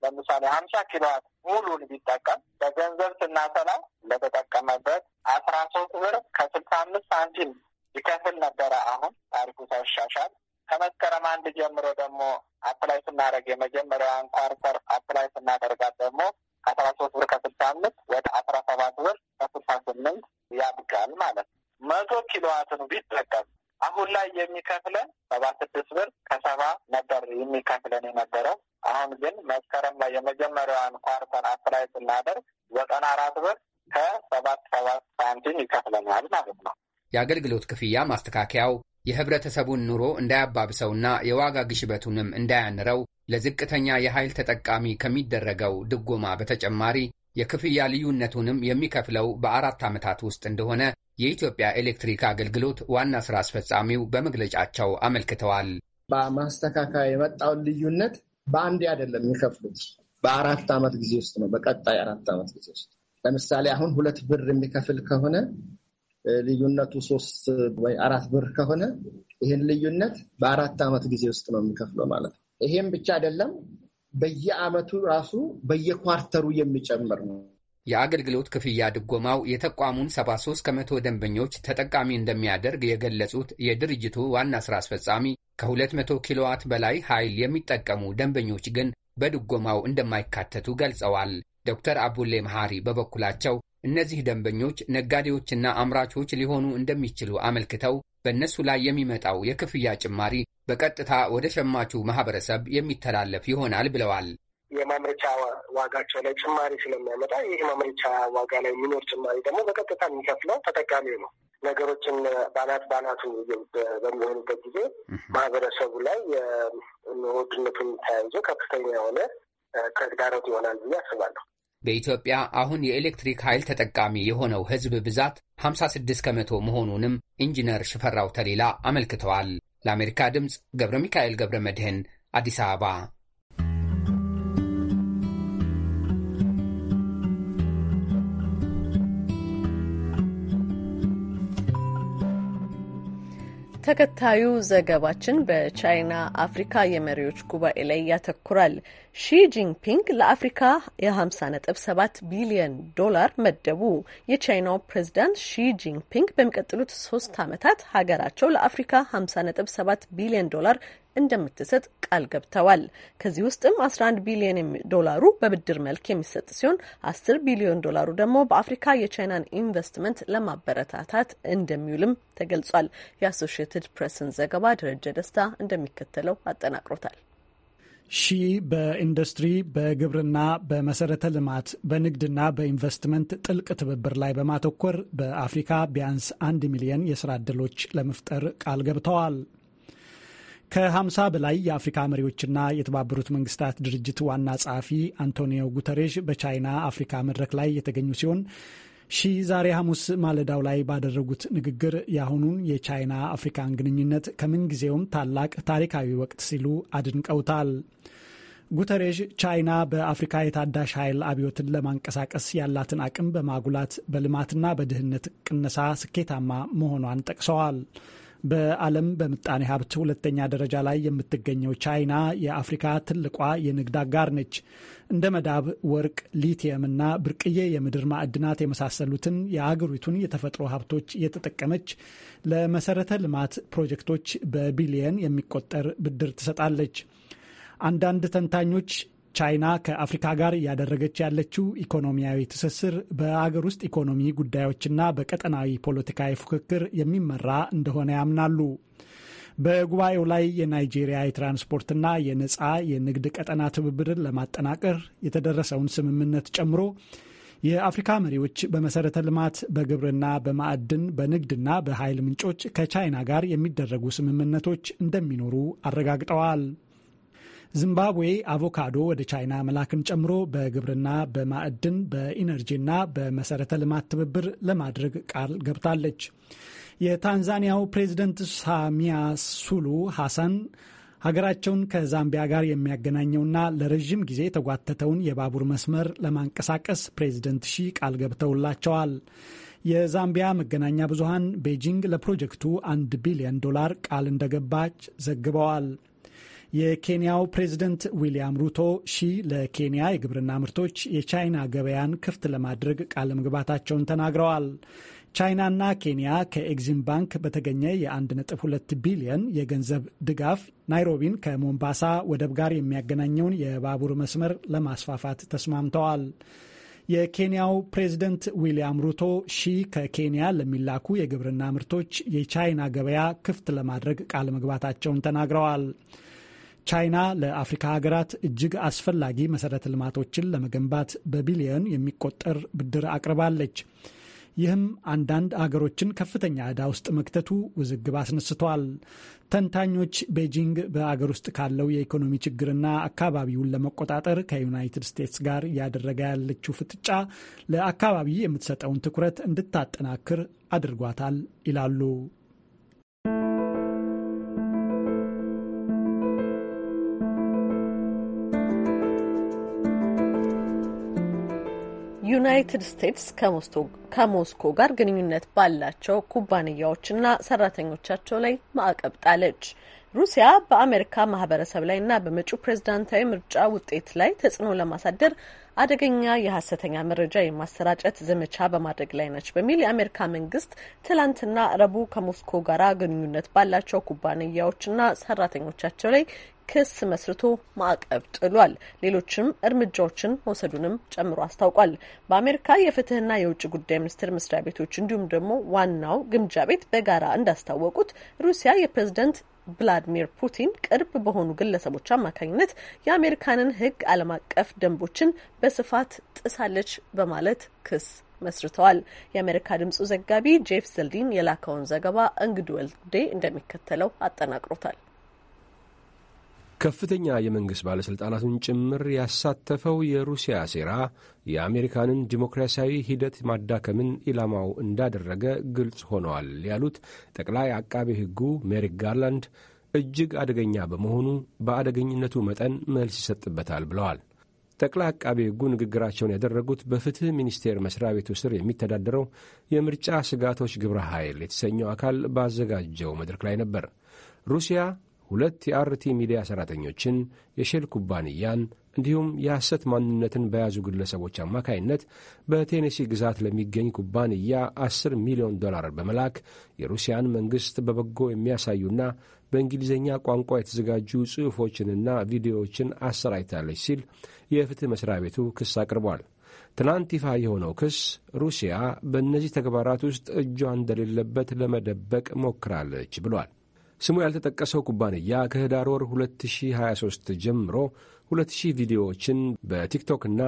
ለምሳሌ 50 ኪሎዋት ሙሉን ቢጠቀም በገንዘብ ስናሰላ ለተጠቀመበት 13 ብር ከ65 ሳንቲም ይከፍል ነበረ። አሁን ታሪኩ ተሻሻል ከመስከረም አንድ ጀምሮ ደግሞ አፕላይ ስናደርግ የመጀመሪያዋን ኳርተር አፕላይ ስናደርጋት ደግሞ ከአስራ ሶስት ብር ከስልሳ አምስት ወደ አስራ ሰባት ብር ከስልሳ ስምንት ያድጋል ማለት ነው። መቶ ኪሎዋትን ቢጠቀም አሁን ላይ የሚከፍለን ሰባ ስድስት ብር ከሰባ ነበር የሚከፍለን የነበረው። አሁን ግን መስከረም ላይ የመጀመሪያዋን ኳርተር አፕላይ ስናደርግ ዘጠና አራት ብር ከሰባት ሰባት ሳንቲም ይከፍለናል ማለት ነው። የአገልግሎት ክፍያ ማስተካከያው የህብረተሰቡን ኑሮ እንዳያባብሰውና የዋጋ ግሽበቱንም እንዳያንረው ለዝቅተኛ የኃይል ተጠቃሚ ከሚደረገው ድጎማ በተጨማሪ የክፍያ ልዩነቱንም የሚከፍለው በአራት ዓመታት ውስጥ እንደሆነ የኢትዮጵያ ኤሌክትሪክ አገልግሎት ዋና ሥራ አስፈጻሚው በመግለጫቸው አመልክተዋል። በማስተካከያ የመጣውን ልዩነት በአንዴ አይደለም የሚከፍሉት፣ በአራት ዓመት ጊዜ ውስጥ ነው። በቀጣይ አራት ዓመት ጊዜ ውስጥ ለምሳሌ አሁን ሁለት ብር የሚከፍል ከሆነ ልዩነቱ ሶስት ወይ አራት ብር ከሆነ ይህን ልዩነት በአራት ዓመት ጊዜ ውስጥ ነው የሚከፍለው ማለት ነው። ይሄም ብቻ አይደለም፣ በየዓመቱ ራሱ በየኳርተሩ የሚጨምር ነው። የአገልግሎት ክፍያ ድጎማው የተቋሙን 73 ከመቶ ደንበኞች ተጠቃሚ እንደሚያደርግ የገለጹት የድርጅቱ ዋና ስራ አስፈጻሚ ከ200 ኪሎዋት በላይ ኃይል የሚጠቀሙ ደንበኞች ግን በድጎማው እንደማይካተቱ ገልጸዋል። ዶክተር አቡሌ መሐሪ በበኩላቸው እነዚህ ደንበኞች ነጋዴዎችና አምራቾች ሊሆኑ እንደሚችሉ አመልክተው በእነሱ ላይ የሚመጣው የክፍያ ጭማሪ በቀጥታ ወደ ሸማቹ ማህበረሰብ የሚተላለፍ ይሆናል ብለዋል። የማምረቻ ዋጋቸው ላይ ጭማሪ ስለሚያመጣ ይህ ማምረቻ ዋጋ ላይ የሚኖር ጭማሪ ደግሞ በቀጥታ የሚከፍለው ተጠቃሚው ነው። ነገሮችን ባናት ባናቱ በሚሆኑበት ጊዜ ማህበረሰቡ ላይ የውድነቱን ተያይዞ ከፍተኛ የሆነ ተግዳሮት ይሆናል ብዬ አስባለሁ። በኢትዮጵያ አሁን የኤሌክትሪክ ኃይል ተጠቃሚ የሆነው ሕዝብ ብዛት 56 ከመቶ መሆኑንም ኢንጂነር ሽፈራው ተሌላ አመልክተዋል። ለአሜሪካ ድምፅ ገብረ ሚካኤል ገብረ መድህን አዲስ አበባ ተከታዩ ዘገባችን በቻይና አፍሪካ የመሪዎች ጉባኤ ላይ ያተኩራል። ሺ ጂንፒንግ ለአፍሪካ የ50.7 ቢሊዮን ዶላር መደቡ። የቻይናው ፕሬዚዳንት ሺ ጂንፒንግ በሚቀጥሉት ሶስት ዓመታት ሀገራቸው ለአፍሪካ 50.7 ቢሊዮን ዶላር እንደምትሰጥ ቃል ገብተዋል። ከዚህ ውስጥም 11 ቢሊዮን ዶላሩ በብድር መልክ የሚሰጥ ሲሆን 10 ቢሊዮን ዶላሩ ደግሞ በአፍሪካ የቻይናን ኢንቨስትመንት ለማበረታታት እንደሚውልም ተገልጿል። የአሶሽየትድ ፕሬስን ዘገባ ደረጀ ደስታ እንደሚከተለው አጠናቅሮታል። ሺ በኢንዱስትሪ፣ በግብርና፣ በመሰረተ ልማት፣ በንግድና በኢንቨስትመንት ጥልቅ ትብብር ላይ በማተኮር በአፍሪካ ቢያንስ አንድ ሚሊየን የስራ ዕድሎች ለመፍጠር ቃል ገብተዋል። ከ50 በላይ የአፍሪካ መሪዎችና የተባበሩት መንግስታት ድርጅት ዋና ጸሐፊ አንቶኒዮ ጉተሬሽ በቻይና አፍሪካ መድረክ ላይ የተገኙ ሲሆን ሺ ዛሬ ሐሙስ ማለዳው ላይ ባደረጉት ንግግር የአሁኑን የቻይና አፍሪካን ግንኙነት ከምንጊዜውም ታላቅ ታሪካዊ ወቅት ሲሉ አድንቀውታል። ጉተሬዥ ቻይና በአፍሪካ የታዳሽ ኃይል አብዮትን ለማንቀሳቀስ ያላትን አቅም በማጉላት በልማትና በድህነት ቅነሳ ስኬታማ መሆኗን ጠቅሰዋል። በዓለም በምጣኔ ሀብት ሁለተኛ ደረጃ ላይ የምትገኘው ቻይና የአፍሪካ ትልቋ የንግድ አጋር ነች። እንደ መዳብ፣ ወርቅ፣ ሊቲየም እና ብርቅዬ የምድር ማዕድናት የመሳሰሉትን የአገሪቱን የተፈጥሮ ሀብቶች እየተጠቀመች ለመሰረተ ልማት ፕሮጀክቶች በቢሊየን የሚቆጠር ብድር ትሰጣለች። አንዳንድ ተንታኞች ቻይና ከአፍሪካ ጋር እያደረገች ያለችው ኢኮኖሚያዊ ትስስር በአገር ውስጥ ኢኮኖሚ ጉዳዮችና በቀጠናዊ ፖለቲካዊ ፉክክር የሚመራ እንደሆነ ያምናሉ። በጉባኤው ላይ የናይጄሪያ የትራንስፖርትና የነፃ የንግድ ቀጠና ትብብርን ለማጠናቀር የተደረሰውን ስምምነት ጨምሮ የአፍሪካ መሪዎች በመሰረተ ልማት፣ በግብርና፣ በማዕድን፣ በንግድና በኃይል ምንጮች ከቻይና ጋር የሚደረጉ ስምምነቶች እንደሚኖሩ አረጋግጠዋል። ዚምባብዌ አቮካዶ ወደ ቻይና መላክን ጨምሮ በግብርና፣ በማዕድን፣ በኢነርጂና በመሰረተ ልማት ትብብር ለማድረግ ቃል ገብታለች። የታንዛኒያው ፕሬዚደንት ሳሚያ ሱሉ ሐሰን ሀገራቸውን ከዛምቢያ ጋር የሚያገናኘውና ለረዥም ጊዜ የተጓተተውን የባቡር መስመር ለማንቀሳቀስ ፕሬዚደንት ሺ ቃል ገብተውላቸዋል። የዛምቢያ መገናኛ ብዙሃን ቤጂንግ ለፕሮጀክቱ አንድ ቢሊዮን ዶላር ቃል እንደገባች ዘግበዋል። የኬንያው ፕሬዝደንት ዊልያም ሩቶ ሺ ለኬንያ የግብርና ምርቶች የቻይና ገበያን ክፍት ለማድረግ ቃለ መግባታቸውን ተናግረዋል። ቻይናና ኬንያ ከኤግዚም ባንክ በተገኘ የ1.2 ቢሊዮን የገንዘብ ድጋፍ ናይሮቢን ከሞምባሳ ወደብ ጋር የሚያገናኘውን የባቡር መስመር ለማስፋፋት ተስማምተዋል። የኬንያው ፕሬዝደንት ዊልያም ሩቶ ሺ ከኬንያ ለሚላኩ የግብርና ምርቶች የቻይና ገበያ ክፍት ለማድረግ ቃለ መግባታቸውን ተናግረዋል። ቻይና ለአፍሪካ ሀገራት እጅግ አስፈላጊ መሰረተ ልማቶችን ለመገንባት በቢሊዮን የሚቆጠር ብድር አቅርባለች። ይህም አንዳንድ አገሮችን ከፍተኛ ዕዳ ውስጥ መክተቱ ውዝግብ አስነስተዋል። ተንታኞች ቤጂንግ በአገር ውስጥ ካለው የኢኮኖሚ ችግርና አካባቢውን ለመቆጣጠር ከዩናይትድ ስቴትስ ጋር እያደረገ ያለችው ፍጥጫ ለአካባቢ የምትሰጠውን ትኩረት እንድታጠናክር አድርጓታል ይላሉ። ዩናይትድ ስቴትስ ከሞስኮ ጋር ግንኙነት ባላቸው ኩባንያዎችና ሰራተኞቻቸው ላይ ማዕቀብ ጣለች። ሩሲያ በአሜሪካ ማህበረሰብ ላይና በመጪው ፕሬዝዳንታዊ ምርጫ ውጤት ላይ ተጽዕኖ ለማሳደር አደገኛ የሀሰተኛ መረጃ የማሰራጨት ዘመቻ በማድረግ ላይ ነች በሚል የአሜሪካ መንግስት ትላንትና ረቡዕ ከሞስኮ ጋራ ግንኙነት ባላቸው ኩባንያዎችና ሰራተኞቻቸው ላይ ክስ መስርቶ ማዕቀብ ጥሏል። ሌሎችም እርምጃዎችን መውሰዱንም ጨምሮ አስታውቋል። በአሜሪካ የፍትህና የውጭ ጉዳይ ሚኒስቴር መስሪያ ቤቶች እንዲሁም ደግሞ ዋናው ግምጃ ቤት በጋራ እንዳስታወቁት ሩሲያ የፕሬዝደንት ቭላዲሚር ፑቲን ቅርብ በሆኑ ግለሰቦች አማካኝነት የአሜሪካንን ሕግ ዓለም አቀፍ ደንቦችን በስፋት ጥሳለች በማለት ክስ መስርተዋል። የአሜሪካ ድምጹ ዘጋቢ ጄፍ ዘልዲን የላከውን ዘገባ እንግድ ወልዴ እንደሚከተለው አጠናቅሮታል። ከፍተኛ የመንግሥት ባለሥልጣናትን ጭምር ያሳተፈው የሩሲያ ሴራ የአሜሪካንን ዲሞክራሲያዊ ሂደት ማዳከምን ኢላማው እንዳደረገ ግልጽ ሆነዋል ያሉት ጠቅላይ አቃቤ ሕጉ ሜሪክ ጋርላንድ እጅግ አደገኛ በመሆኑ በአደገኝነቱ መጠን መልስ ይሰጥበታል ብለዋል። ጠቅላይ አቃቤ ሕጉ ንግግራቸውን ያደረጉት በፍትሕ ሚኒስቴር መስሪያ ቤቱ ስር የሚተዳደረው የምርጫ ስጋቶች ግብረ ኃይል የተሰኘው አካል ባዘጋጀው መድረክ ላይ ነበር። ሩሲያ ሁለት የአርቲ ሚዲያ ሠራተኞችን፣ የሼል ኩባንያን እንዲሁም የሐሰት ማንነትን በያዙ ግለሰቦች አማካይነት በቴኔሲ ግዛት ለሚገኝ ኩባንያ 10 ሚሊዮን ዶላር በመላክ የሩሲያን መንግሥት በበጎ የሚያሳዩና በእንግሊዝኛ ቋንቋ የተዘጋጁ ጽሑፎችንና ቪዲዮዎችን አሰራጭታለች ሲል የፍትሕ መሥሪያ ቤቱ ክስ አቅርቧል። ትናንት ይፋ የሆነው ክስ ሩሲያ በእነዚህ ተግባራት ውስጥ እጇ እንደሌለበት ለመደበቅ ሞክራለች ብሏል። ስሙ ያልተጠቀሰው ኩባንያ ከህዳር ወር 2023 ጀምሮ 200 ቪዲዮዎችን በቲክቶክና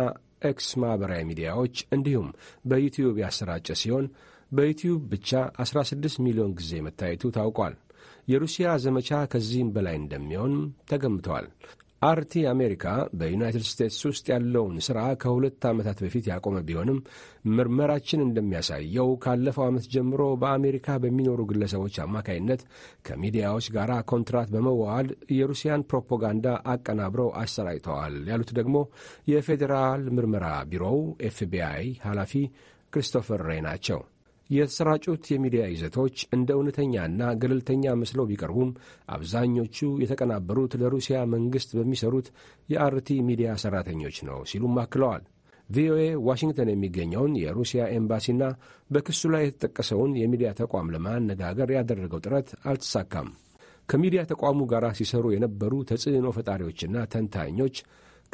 ኤክስ ማኅበራዊ ሚዲያዎች እንዲሁም በዩትዩብ ያሰራጨ ሲሆን በዩትዩብ ብቻ 16 ሚሊዮን ጊዜ መታየቱ ታውቋል። የሩሲያ ዘመቻ ከዚህም በላይ እንደሚሆን ተገምተዋል። አርቲ አሜሪካ በዩናይትድ ስቴትስ ውስጥ ያለውን ሥራ ከሁለት ዓመታት በፊት ያቆመ ቢሆንም ምርመራችን እንደሚያሳየው ካለፈው ዓመት ጀምሮ በአሜሪካ በሚኖሩ ግለሰቦች አማካይነት ከሚዲያዎች ጋር ኮንትራት በመዋዋል የሩሲያን ፕሮፓጋንዳ አቀናብረው አሰራጭተዋል ያሉት ደግሞ የፌዴራል ምርመራ ቢሮው ኤፍቢአይ ኃላፊ ክሪስቶፈር ሬይ ናቸው። የተሰራጩት የሚዲያ ይዘቶች እንደ እውነተኛና ገለልተኛ መስለው ቢቀርቡም አብዛኞቹ የተቀናበሩት ለሩሲያ መንግሥት በሚሰሩት የአርቲ ሚዲያ ሠራተኞች ነው ሲሉም አክለዋል። ቪኦኤ ዋሽንግተን የሚገኘውን የሩሲያ ኤምባሲና በክሱ ላይ የተጠቀሰውን የሚዲያ ተቋም ለማነጋገር ያደረገው ጥረት አልተሳካም። ከሚዲያ ተቋሙ ጋር ሲሰሩ የነበሩ ተጽዕኖ ፈጣሪዎችና ተንታኞች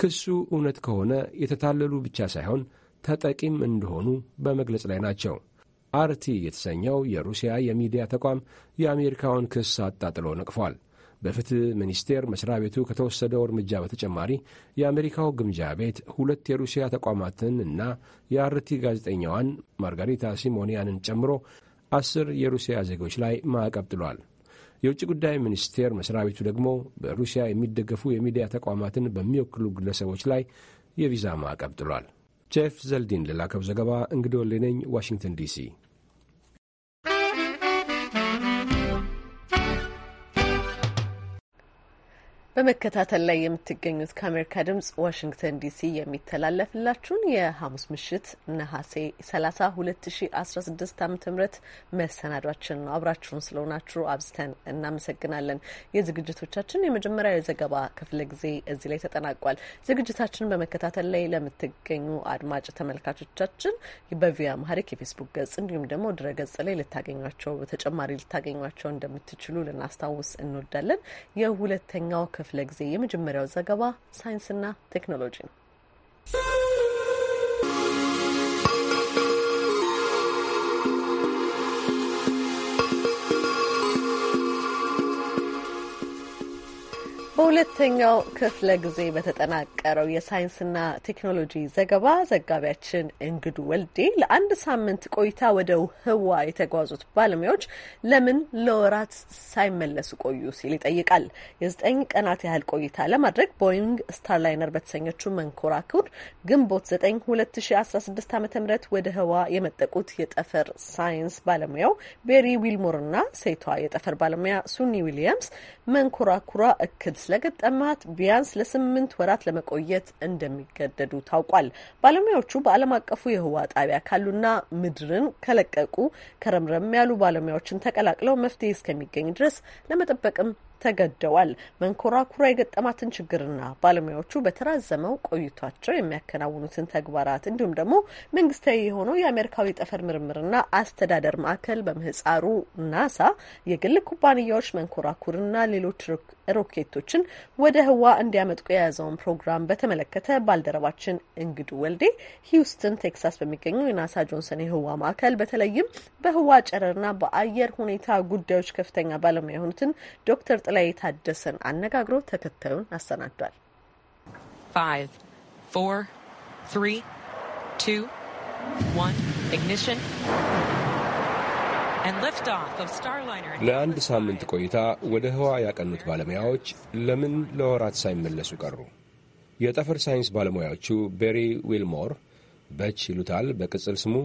ክሱ እውነት ከሆነ የተታለሉ ብቻ ሳይሆን ተጠቂም እንደሆኑ በመግለጽ ላይ ናቸው። አርቲ የተሰኘው የሩሲያ የሚዲያ ተቋም የአሜሪካውን ክስ አጣጥሎ ነቅፏል። በፍትህ ሚኒስቴር መስሪያ ቤቱ ከተወሰደው እርምጃ በተጨማሪ የአሜሪካው ግምጃ ቤት ሁለት የሩሲያ ተቋማትን እና የአርቲ ጋዜጠኛዋን ማርጋሪታ ሲሞኒያንን ጨምሮ አስር የሩሲያ ዜጎች ላይ ማዕቀብ ጥሏል። የውጭ ጉዳይ ሚኒስቴር መስሪያ ቤቱ ደግሞ በሩሲያ የሚደገፉ የሚዲያ ተቋማትን በሚወክሉ ግለሰቦች ላይ የቪዛ ማዕቀብ ጥሏል። ጄፍ ዘልዲን ለላከው ዘገባ እንግዶ ሌነኝ ዋሽንግተን ዲሲ በመከታተል ላይ የምትገኙት ከአሜሪካ ድምጽ ዋሽንግተን ዲሲ የሚተላለፍላችሁን የሐሙስ ምሽት ነሐሴ 30 2016 ዓ ም መሰናዷችን ነው። አብራችሁን ስለሆናችሁ አብዝተን እናመሰግናለን። የዝግጅቶቻችን የመጀመሪያ የዘገባ ክፍለ ጊዜ እዚህ ላይ ተጠናቋል። ዝግጅታችን በመከታተል ላይ ለምትገኙ አድማጭ ተመልካቾቻችን በቪያ ማሪክ የፌስቡክ ገጽ እንዲሁም ደግሞ ድረ ገጽ ላይ ልታገኟቸው በተጨማሪ ልታገኟቸው እንደምትችሉ ልናስታውስ እንወዳለን። የሁለተኛው ክፍል ክፍለ ጊዜ የመጀመሪያው ዘገባ ሳይንስና ቴክኖሎጂ ነው። በሁለተኛው ክፍለ ጊዜ በተጠናቀረው የሳይንስና ቴክኖሎጂ ዘገባ ዘጋቢያችን እንግዱ ወልዴ ለአንድ ሳምንት ቆይታ ወደ ህዋ የተጓዙት ባለሙያዎች ለምን ለወራት ሳይመለሱ ቆዩ ሲል ይጠይቃል። የዘጠኝ ቀናት ያህል ቆይታ ለማድረግ ቦይንግ ስታርላይነር በተሰኘችው መንኮራኩር ግንቦት ዘጠኝ ሁለት ሺ አስራ ስድስት ወደ ህዋ የመጠቁት የጠፈር ሳይንስ ባለሙያው ቤሪ ዊልሞርና ሴቷ የጠፈር ባለሙያ ሱኒ ዊሊያምስ መንኮራኩሯ እክድ ስለገጠማት ቢያንስ ለስምንት ወራት ለመቆየት እንደሚገደዱ ታውቋል። ባለሙያዎቹ በዓለም አቀፉ የህዋ ጣቢያ ካሉና ምድርን ከለቀቁ ከረምረም ያሉ ባለሙያዎችን ተቀላቅለው መፍትሄ እስከሚገኝ ድረስ ለመጠበቅም ተገደዋል። መንኮራኩራ የገጠማትን ችግርና ባለሙያዎቹ በተራዘመው ቆይቷቸው የሚያከናውኑትን ተግባራት እንዲሁም ደግሞ መንግስታዊ የሆነው የአሜሪካዊ ጠፈር ምርምርና አስተዳደር ማዕከል በምህፃሩ ናሳ የግል ኩባንያዎች መንኮራኩርና ሌሎች ሮኬቶችን ወደ ህዋ እንዲያመጥቁ የያዘውን ፕሮግራም በተመለከተ ባልደረባችን እንግዱ ወልዴ ሂውስትን ቴክሳስ በሚገኘው የናሳ ጆንሰን የህዋ ማዕከል በተለይም በህዋ ጨረርና በአየር ሁኔታ ጉዳዮች ከፍተኛ ባለሙያ የሆኑትን ዶክተር ጥላይ ታደሰን አነጋግሮ ተከታዩን አሰናዷል። ignition ለአንድ ሳምንት ቆይታ ወደ ህዋ ያቀኑት ባለሙያዎች ለምን ለወራት ሳይመለሱ ቀሩ? የጠፈር ሳይንስ ባለሙያዎቹ ቤሪ ዊልሞር በች ይሉታል በቅጽል ስሙ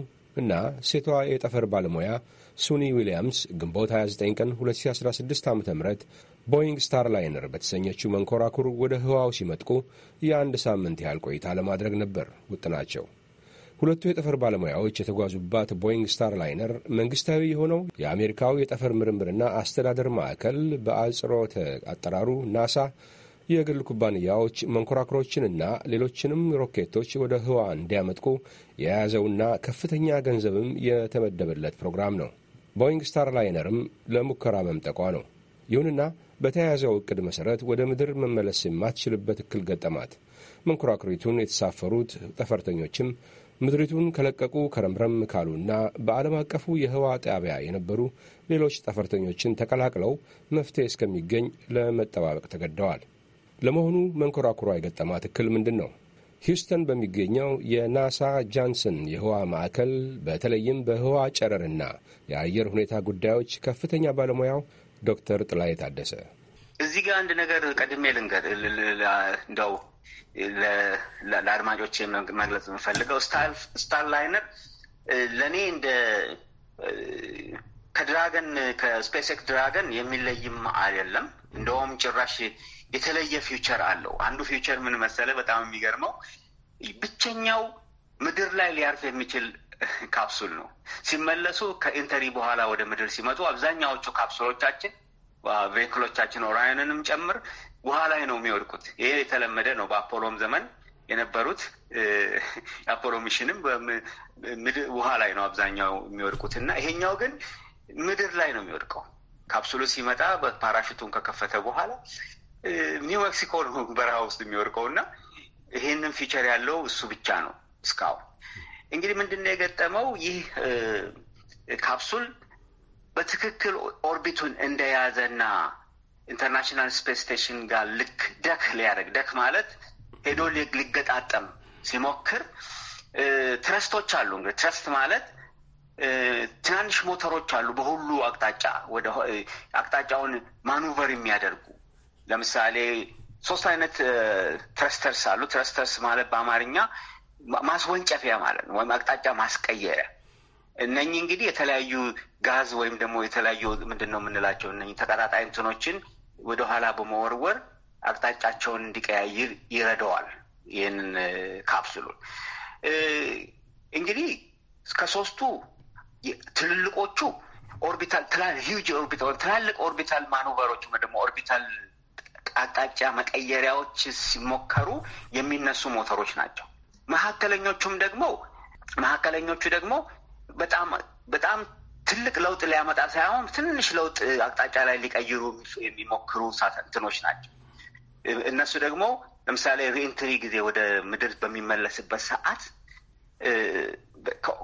እና ሴቷ የጠፈር ባለሙያ ሱኒ ዊሊያምስ ግንቦት 29 ቀን 2016 ዓ ም ቦይንግ ስታር ላይነር በተሰኘችው መንኮራኩር ወደ ህዋው ሲመጥቁ የአንድ ሳምንት ያህል ቆይታ ለማድረግ ነበር ውጥናቸው። ሁለቱ የጠፈር ባለሙያዎች የተጓዙባት ቦይንግ ስታር ላይነር መንግስታዊ የሆነው የአሜሪካው የጠፈር ምርምርና አስተዳደር ማዕከል በአጽሮተ አጠራሩ ናሳ የግል ኩባንያዎች መንኮራኩሮችንና ሌሎችንም ሮኬቶች ወደ ህዋ እንዲያመጥቁ የያዘውና ከፍተኛ ገንዘብም የተመደበለት ፕሮግራም ነው። ቦይንግ ስታር ላይነርም ለሙከራ መምጠቋ ነው። ይሁንና በተያያዘው እቅድ መሠረት ወደ ምድር መመለስ የማትችልበት እክል ገጠማት። መንኮራኩሪቱን የተሳፈሩት ጠፈርተኞችም ምድሪቱን ከለቀቁ ከረምረም ካሉና በዓለም አቀፉ የህዋ ጣቢያ የነበሩ ሌሎች ጠፈርተኞችን ተቀላቅለው መፍትሄ እስከሚገኝ ለመጠባበቅ ተገደዋል። ለመሆኑ መንኮራኩሯ የገጠማት እክል ምንድን ነው? ሂውስተን በሚገኘው የናሳ ጃንሰን የህዋ ማዕከል በተለይም በህዋ ጨረርና የአየር ሁኔታ ጉዳዮች ከፍተኛ ባለሙያው ዶክተር ጥላዬ ታደሰ እዚህ ጋር አንድ ነገር ቀድሜ ልንገር እንደው ለአድማጮች መግለጽ የምፈልገው ስታር ላይነር ለእኔ እንደ ከድራገን ከስፔስ ኤክስ ድራገን የሚለይም አይደለም። እንደውም ጭራሽ የተለየ ፊውቸር አለው። አንዱ ፊውቸር ምን መሰለ፣ በጣም የሚገርመው ብቸኛው ምድር ላይ ሊያርፍ የሚችል ካፕሱል ነው። ሲመለሱ ከኢንተሪ በኋላ ወደ ምድር ሲመጡ አብዛኛዎቹ ካፕሱሎቻችን ቬክሎቻችን ኦራዮንንም ጨምር ውሃ ላይ ነው የሚወድቁት። ይሄ የተለመደ ነው። በአፖሎም ዘመን የነበሩት የአፖሎ ሚሽንም ውሃ ላይ ነው አብዛኛው የሚወድቁት እና ይሄኛው ግን ምድር ላይ ነው የሚወድቀው። ካፕሱሉ ሲመጣ በፓራሽቱን ከከፈተ በኋላ ኒው ሜክሲኮ ነው በረሃ ውስጥ የሚወድቀው እና ይሄንን ፊቸር ያለው እሱ ብቻ ነው። እስካሁን እንግዲህ ምንድን ነው የገጠመው? ይህ ካፕሱል በትክክል ኦርቢቱን እንደያዘና ኢንተርናሽናል ስፔስ ስቴሽን ጋር ልክ ደክ ሊያደርግ ደክ ማለት ሄዶ ሊገጣጠም ሲሞክር ትረስቶች አሉ። እንግዲህ ትረስት ማለት ትናንሽ ሞተሮች አሉ፣ በሁሉ አቅጣጫ ወደ አቅጣጫውን ማኑቨር የሚያደርጉ ለምሳሌ ሶስት አይነት ትረስተርስ አሉ። ትረስተርስ ማለት በአማርኛ ማስወንጨፊያ ማለት ነው፣ ወይም አቅጣጫ ማስቀየሪያ እነኚህ እንግዲህ የተለያዩ ጋዝ ወይም ደግሞ የተለያዩ ምንድን ነው የምንላቸው እነ ተቀጣጣይ እንትኖችን ወደኋላ በመወርወር አቅጣጫቸውን እንዲቀያይር ይረዳዋል። ይህንን ካፕሱሉን እንግዲህ ከሶስቱ ትልልቆቹ ኦርቢታል ሂውጅ ኦርቢታል ትላልቅ ኦርቢታል ማኑቨሮች ወይ ደግሞ ኦርቢታል አቅጣጫ መቀየሪያዎች ሲሞከሩ የሚነሱ ሞተሮች ናቸው። መካከለኞቹም ደግሞ መካከለኞቹ ደግሞ በጣም በጣም ትልቅ ለውጥ ሊያመጣ ሳይሆን ትንሽ ለውጥ አቅጣጫ ላይ ሊቀይሩ የሚሞክሩ እንትኖች ናቸው። እነሱ ደግሞ ለምሳሌ ሪኢንትሪ ጊዜ ወደ ምድር በሚመለስበት ሰዓት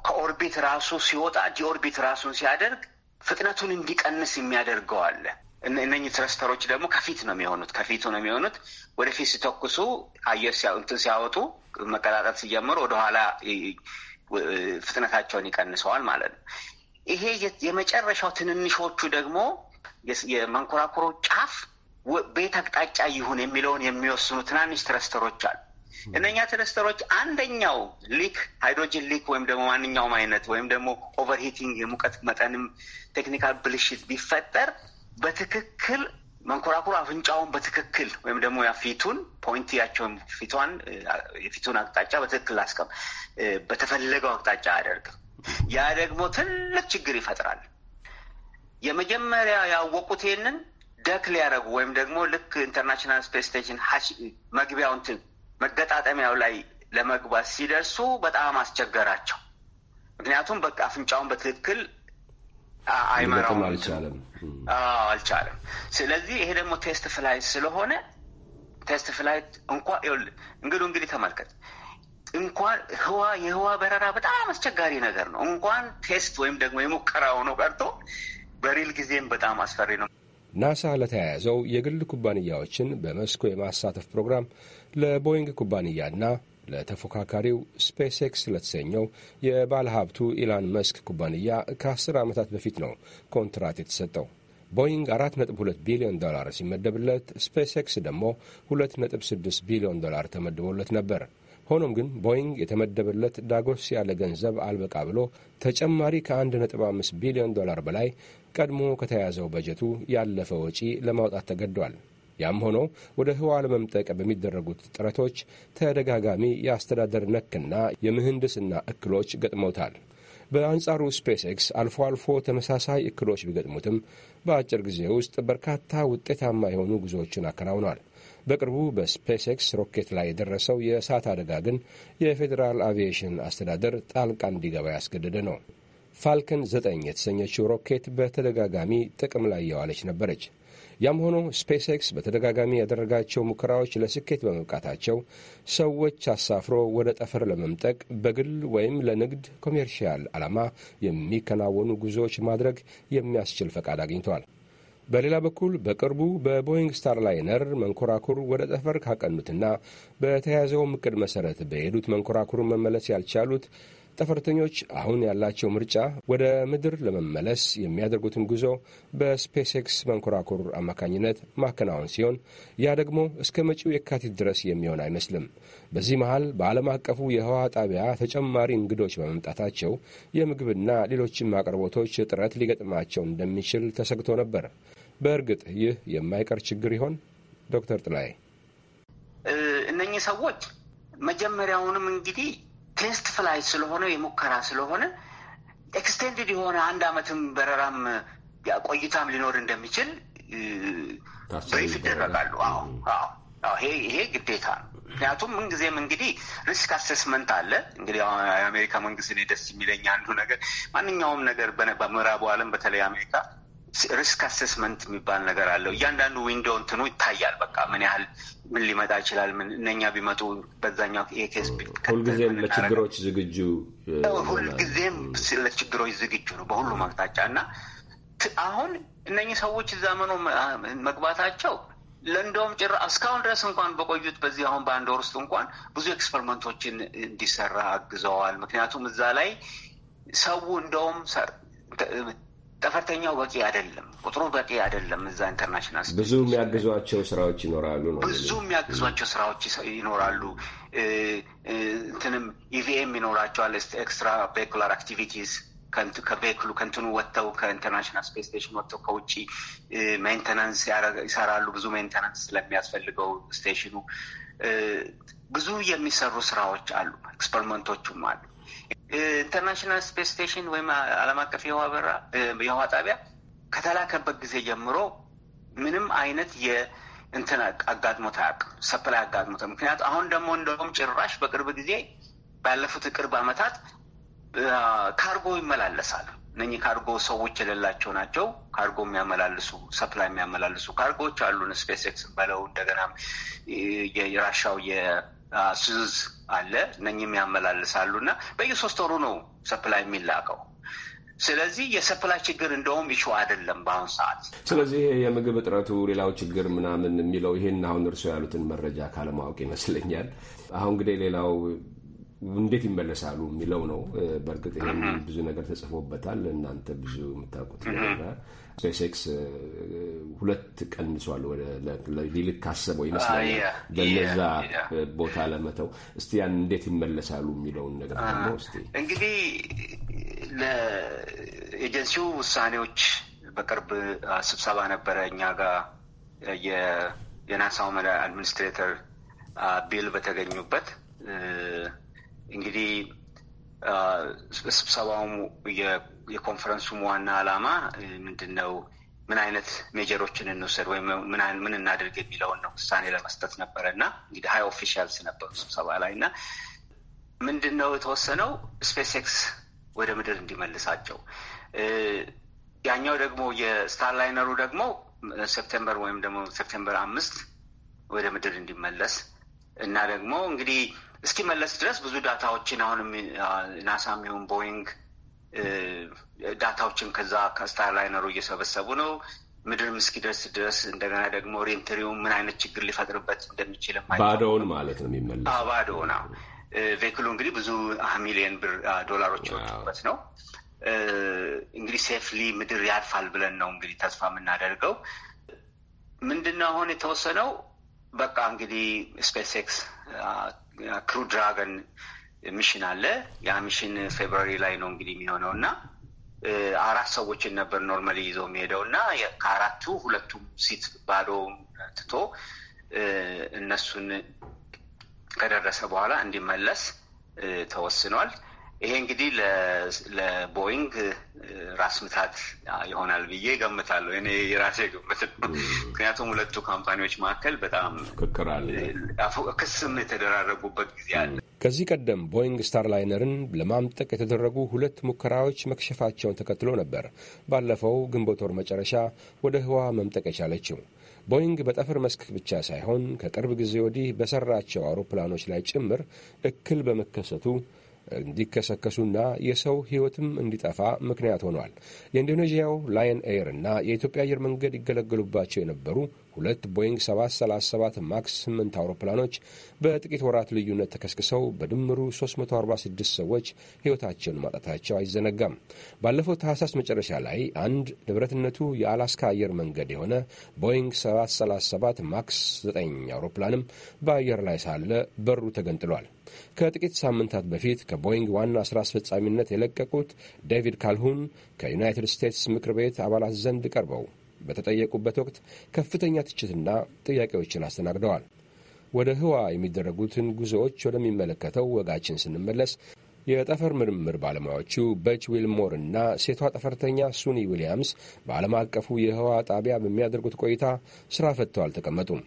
ከኦርቢት ራሱ ሲወጣ ዲኦርቢት ራሱን ሲያደርግ ፍጥነቱን እንዲቀንስ የሚያደርገዋለ። እነኚህ ትረስተሮች ደግሞ ከፊት ነው የሚሆኑት፣ ከፊቱ ነው የሚሆኑት። ወደፊት ሲተኩሱ አየር እንትን ሲያወጡ መቀጣጠል ሲጀምሩ ወደኋላ ፍጥነታቸውን ይቀንሰዋል ማለት ነው። ይሄ የመጨረሻው ትንንሾቹ ደግሞ የመንኮራኩሮ ጫፍ ቤት አቅጣጫ ይሁን የሚለውን የሚወስኑ ትናንሽ ትረስተሮች አሉ። እነኛ ትረስተሮች አንደኛው ሊክ ሃይድሮጂን ሊክ ወይም ደግሞ ማንኛውም አይነት ወይም ደግሞ ኦቨርሂቲንግ የሙቀት መጠንም ቴክኒካል ብልሽት ቢፈጠር በትክክል መንኮራኩር አፍንጫውን በትክክል ወይም ደግሞ ፊቱን ያቸውን ፊቷን የፊቱን አቅጣጫ በትክክል አስቀም በተፈለገው አቅጣጫ አደርግ። ያ ደግሞ ትልቅ ችግር ይፈጥራል። የመጀመሪያ ያወቁት ይህንን ደክ ሊያደረጉ ወይም ደግሞ ልክ ኢንተርናሽናል ስፔስ ስቴሽን መግቢያው መገጣጠሚያው ላይ ለመግባት ሲደርሱ በጣም አስቸገራቸው። ምክንያቱም በቃ አፍንጫውን በትክክል አይመራውም፣ አልቻለም አልቻለም። ስለዚህ ይሄ ደግሞ ቴስት ፍላይት ስለሆነ ቴስት ፍላይት እንኳ እንግዲህ እንግዲህ ተመልከት እንኳን ህዋ የህዋ በረራ በጣም አስቸጋሪ ነገር ነው። እንኳን ቴስት ወይም ደግሞ የሙከራ ሆኖ ቀርቶ በሪል ጊዜም በጣም አስፈሪ ነው። ናሳ ለተያያዘው የግል ኩባንያዎችን በመስኩ የማሳተፍ ፕሮግራም ለቦይንግ ኩባንያና ለተፎካካሪው ስፔስ ኤክስ ለተሰኘው የባለ ሀብቱ ኢላን መስክ ኩባንያ ከ10 ዓመታት በፊት ነው ኮንትራት የተሰጠው። ቦይንግ 4.2 ቢሊዮን ዶላር ሲመደብለት፣ ስፔስ ኤክስ ደግሞ 2.6 ቢሊዮን ዶላር ተመድቦለት ነበር። ሆኖም ግን ቦይንግ የተመደበለት ዳጎስ ያለ ገንዘብ አልበቃ ብሎ ተጨማሪ ከ1.5 ቢሊዮን ዶላር በላይ ቀድሞ ከተያዘው በጀቱ ያለፈ ወጪ ለማውጣት ተገዷል። ያም ሆኖ ወደ ህዋ ለመምጠቅ በሚደረጉት ጥረቶች ተደጋጋሚ የአስተዳደር ነክና የምህንድስና እክሎች ገጥመውታል። በአንጻሩ ስፔስ ኤክስ አልፎ አልፎ ተመሳሳይ እክሎች ቢገጥሙትም በአጭር ጊዜ ውስጥ በርካታ ውጤታማ የሆኑ ጉዞዎችን አከናውኗል። በቅርቡ በስፔስ ኤክስ ሮኬት ላይ የደረሰው የእሳት አደጋ ግን የፌዴራል አቪዬሽን አስተዳደር ጣልቃ እንዲገባ ያስገደደ ነው። ፋልከን ዘጠኝ የተሰኘችው ሮኬት በተደጋጋሚ ጥቅም ላይ የዋለች ነበረች። ያም ሆኖ ስፔስ ኤክስ በተደጋጋሚ ያደረጋቸው ሙከራዎች ለስኬት በመብቃታቸው ሰዎች አሳፍሮ ወደ ጠፈር ለመምጠቅ በግል ወይም ለንግድ ኮሜርሽያል ዓላማ የሚከናወኑ ጉዞዎች ማድረግ የሚያስችል ፈቃድ አግኝተዋል። በሌላ በኩል በቅርቡ በቦይንግ ስታር ላይነር መንኮራኩር ወደ ጠፈር ካቀኑትና በተያያዘውም እቅድ መሠረት በሄዱት መንኮራኩሩን መመለስ ያልቻሉት ጠፈርተኞች አሁን ያላቸው ምርጫ ወደ ምድር ለመመለስ የሚያደርጉትን ጉዞ በስፔስ ኤክስ መንኮራኩር አማካኝነት ማከናወን ሲሆን ያ ደግሞ እስከ መጪው የካቲት ድረስ የሚሆን አይመስልም። በዚህ መሃል በዓለም አቀፉ የህዋ ጣቢያ ተጨማሪ እንግዶች በመምጣታቸው የምግብና ሌሎችም አቅርቦቶች እጥረት ሊገጥማቸው እንደሚችል ተሰግቶ ነበር። በእርግጥ ይህ የማይቀር ችግር ይሆን? ዶክተር ጥላይ እነኚህ ሰዎች መጀመሪያውንም እንግዲህ ቴስት ፍላይት ስለሆነ የሙከራ ስለሆነ ኤክስቴንድድ የሆነ አንድ አመትም በረራም ቆይታም ሊኖር እንደሚችል ብሪፍ ይደረጋሉ። ይሄ ይሄ ግዴታ ነው። ምክንያቱም ምንጊዜም እንግዲህ ሪስክ አሴስመንት አለ። እንግዲህ የአሜሪካ መንግስት እኔ ደስ የሚለኝ አንዱ ነገር ማንኛውም ነገር በምዕራቡ ዓለም በተለይ አሜሪካ ሪስክ አሴስመንት የሚባል ነገር አለው። እያንዳንዱ ዊንዶ እንትኑ ይታያል። በቃ ምን ያህል ምን ሊመጣ ይችላል፣ ምን እነኛ ቢመጡ በዛኛው ኤኬስ ሁልጊዜም ለችግሮች ዝግጁ ሁልጊዜም ለችግሮች ዝግጁ ነው በሁሉም አቅጣጫ እና አሁን እነኚህ ሰዎች እዛ መኖ መግባታቸው ለእንደውም ጭራ እስካሁን ድረስ እንኳን በቆዩት በዚህ አሁን በአንድ ወር ውስጥ እንኳን ብዙ ኤክስፐሪመንቶችን እንዲሰራ አግዘዋል። ምክንያቱም እዛ ላይ ሰው እንደውም ጠፈርተኛው በቂ አይደለም፣ ቁጥሩ በቂ አይደለም። እዛ ኢንተርናሽናል ብዙ የሚያግዟቸው ስራዎች ይኖራሉ ነው ብዙ የሚያግዟቸው ስራዎች ይኖራሉ። እንትንም ኢቪኤም e ይኖራቸዋል። ኤክስትራ ቬኩላር አክቲቪቲስ ከቬክሉ ከንትኑ ወጥተው ከኢንተርናሽናል ስፔስ ስቴሽን ወጥተው ከውጭ ሜንተናንስ ይሰራሉ። ብዙ ሜንተናንስ ስለሚያስፈልገው ስቴሽኑ ብዙ የሚሰሩ ስራዎች አሉ። ኤክስፐሪመንቶቹም አሉ። ኢንተርናሽናል ስፔስ ስቴሽን ወይም ዓለም አቀፍ የውሃ በራ የውሃ ጣቢያ ከተላከበት ጊዜ ጀምሮ ምንም አይነት የእንትን አጋጥሞት አያውቅም፣ ሰፕላይ አጋጥሞት። ምክንያቱ አሁን ደግሞ እንደውም ጭራሽ በቅርብ ጊዜ ባለፉት ቅርብ ዓመታት ካርጎ ይመላለሳል። እነኚህ ካርጎ ሰዎች የሌላቸው ናቸው። ካርጎ የሚያመላልሱ ሰፕላይ የሚያመላልሱ ካርጎዎች አሉን። ስፔስ ኤክስ በለው እንደገና የራሻው ስዝ አለ እነኝም ያመላልሳሉ እና በየሶስት ወሩ ነው ሰፕላይ የሚላቀው። ስለዚህ የሰፕላይ ችግር እንደውም ይሹ አይደለም በአሁኑ ሰዓት። ስለዚህ የምግብ እጥረቱ ሌላው ችግር ምናምን የሚለው ይህን አሁን እርስዎ ያሉትን መረጃ ካለማወቅ ይመስለኛል። አሁን እንግዲህ ሌላው እንዴት ይመለሳሉ የሚለው ነው። በእርግጥ ይህም ብዙ ነገር ተጽፎበታል። እናንተ ብዙ የምታውቁት ስፔስ ኤክስ ሁለት ቀንሷል ሊልክ ካሰበው ይመስላል በነዛ ቦታ ለመተው እስቲ ያን እንዴት ይመለሳሉ የሚለውን ነገር ደግሞ ስ እንግዲህ ለኤጀንሲው ውሳኔዎች በቅርብ ስብሰባ ነበረ እኛ ጋር የናሳው አድሚኒስትሬተር ቢል በተገኙበት እንግዲህ ስብሰባውም የኮንፈረንሱም ዋና ዓላማ ምንድን ነው? ምን አይነት ሜጀሮችን እንውሰድ ወይም ምን እናድርግ የሚለውን ነው ውሳኔ ለመስጠት ነበረ እና እንግዲህ ሀይ ኦፊሻልስ ነበሩ ስብሰባ ላይ እና ምንድን ነው የተወሰነው ስፔስ ኤክስ ወደ ምድር እንዲመልሳቸው ያኛው ደግሞ የስታርላይነሩ ደግሞ ሴፕቴምበር ወይም ደግሞ ሴፕቴምበር አምስት ወደ ምድር እንዲመለስ እና ደግሞ እንግዲህ እስኪመለስ ድረስ ብዙ ዳታዎችን አሁንም ናሳ የሚሆን ቦይንግ ዳታዎችን ከዛ ከስታርላይነሩ እየሰበሰቡ ነው። ምድርም እስኪደርስ ድረስ እንደገና ደግሞ ሬንትሪውም ምን አይነት ችግር ሊፈጥርበት እንደሚችል ባዶውን ማለት ነው የሚመለ ባዶውን ቬክሉ እንግዲህ ብዙ ሚሊዮን ብር ዶላሮች የወጡበት ነው። እንግዲህ ሴፍሊ ምድር ያልፋል ብለን ነው እንግዲህ ተስፋ የምናደርገው። ምንድነው አሁን የተወሰነው በቃ እንግዲህ ስፔስ ኤክስ ክሩ ድራገን ሚሽን አለ። ያ ሚሽን ፌብራሪ ላይ ነው እንግዲህ የሚሆነው እና አራት ሰዎችን ነበር ኖርማሊ ይዘው የሚሄደው እና ከአራቱ ሁለቱም ሲት ባዶ ትቶ እነሱን ከደረሰ በኋላ እንዲመለስ ተወስኗል። ይሄ እንግዲህ ለቦይንግ ራስ ምታት ይሆናል ብዬ ገምታለሁ። እኔ የራሴ ግምት ነው። ምክንያቱም ሁለቱ ካምፓኒዎች መካከል በጣም ክስም የተደራረጉበት ጊዜ አለ። ከዚህ ቀደም ቦይንግ ስታርላይነርን ለማምጠቅ የተደረጉ ሁለት ሙከራዎች መክሸፋቸውን ተከትሎ ነበር ባለፈው ግንቦት ወር መጨረሻ ወደ ህዋ መምጠቅ የቻለችው። ቦይንግ በጠፈር መስክ ብቻ ሳይሆን ከቅርብ ጊዜ ወዲህ በሰራቸው አውሮፕላኖች ላይ ጭምር እክል በመከሰቱ እንዲከሰከሱና የሰው ሕይወትም እንዲጠፋ ምክንያት ሆኗል። የኢንዶኔዥያው ላየን ኤር እና የኢትዮጵያ አየር መንገድ ይገለገሉባቸው የነበሩ ሁለት ቦይንግ 737 ማክስ 8 አውሮፕላኖች በጥቂት ወራት ልዩነት ተከስክሰው በድምሩ 346 ሰዎች ሕይወታቸውን ማጣታቸው አይዘነጋም። ባለፈው ታህሳስ መጨረሻ ላይ አንድ ንብረትነቱ የአላስካ አየር መንገድ የሆነ ቦይንግ 737 ማክስ 9 አውሮፕላንም በአየር ላይ ሳለ በሩ ተገንጥሏል። ከጥቂት ሳምንታት በፊት ከቦይንግ ዋና ሥራ አስፈጻሚነት የለቀቁት ዴቪድ ካልሁን ከዩናይትድ ስቴትስ ምክር ቤት አባላት ዘንድ ቀርበው በተጠየቁበት ወቅት ከፍተኛ ትችትና ጥያቄዎችን አስተናግደዋል። ወደ ህዋ የሚደረጉትን ጉዞዎች ወደሚመለከተው ወጋችን ስንመለስ የጠፈር ምርምር ባለሙያዎቹ በች ዊልሞር እና ሴቷ ጠፈርተኛ ሱኒ ዊሊያምስ በዓለም አቀፉ የህዋ ጣቢያ በሚያደርጉት ቆይታ ስራ ፈጥተው አልተቀመጡም።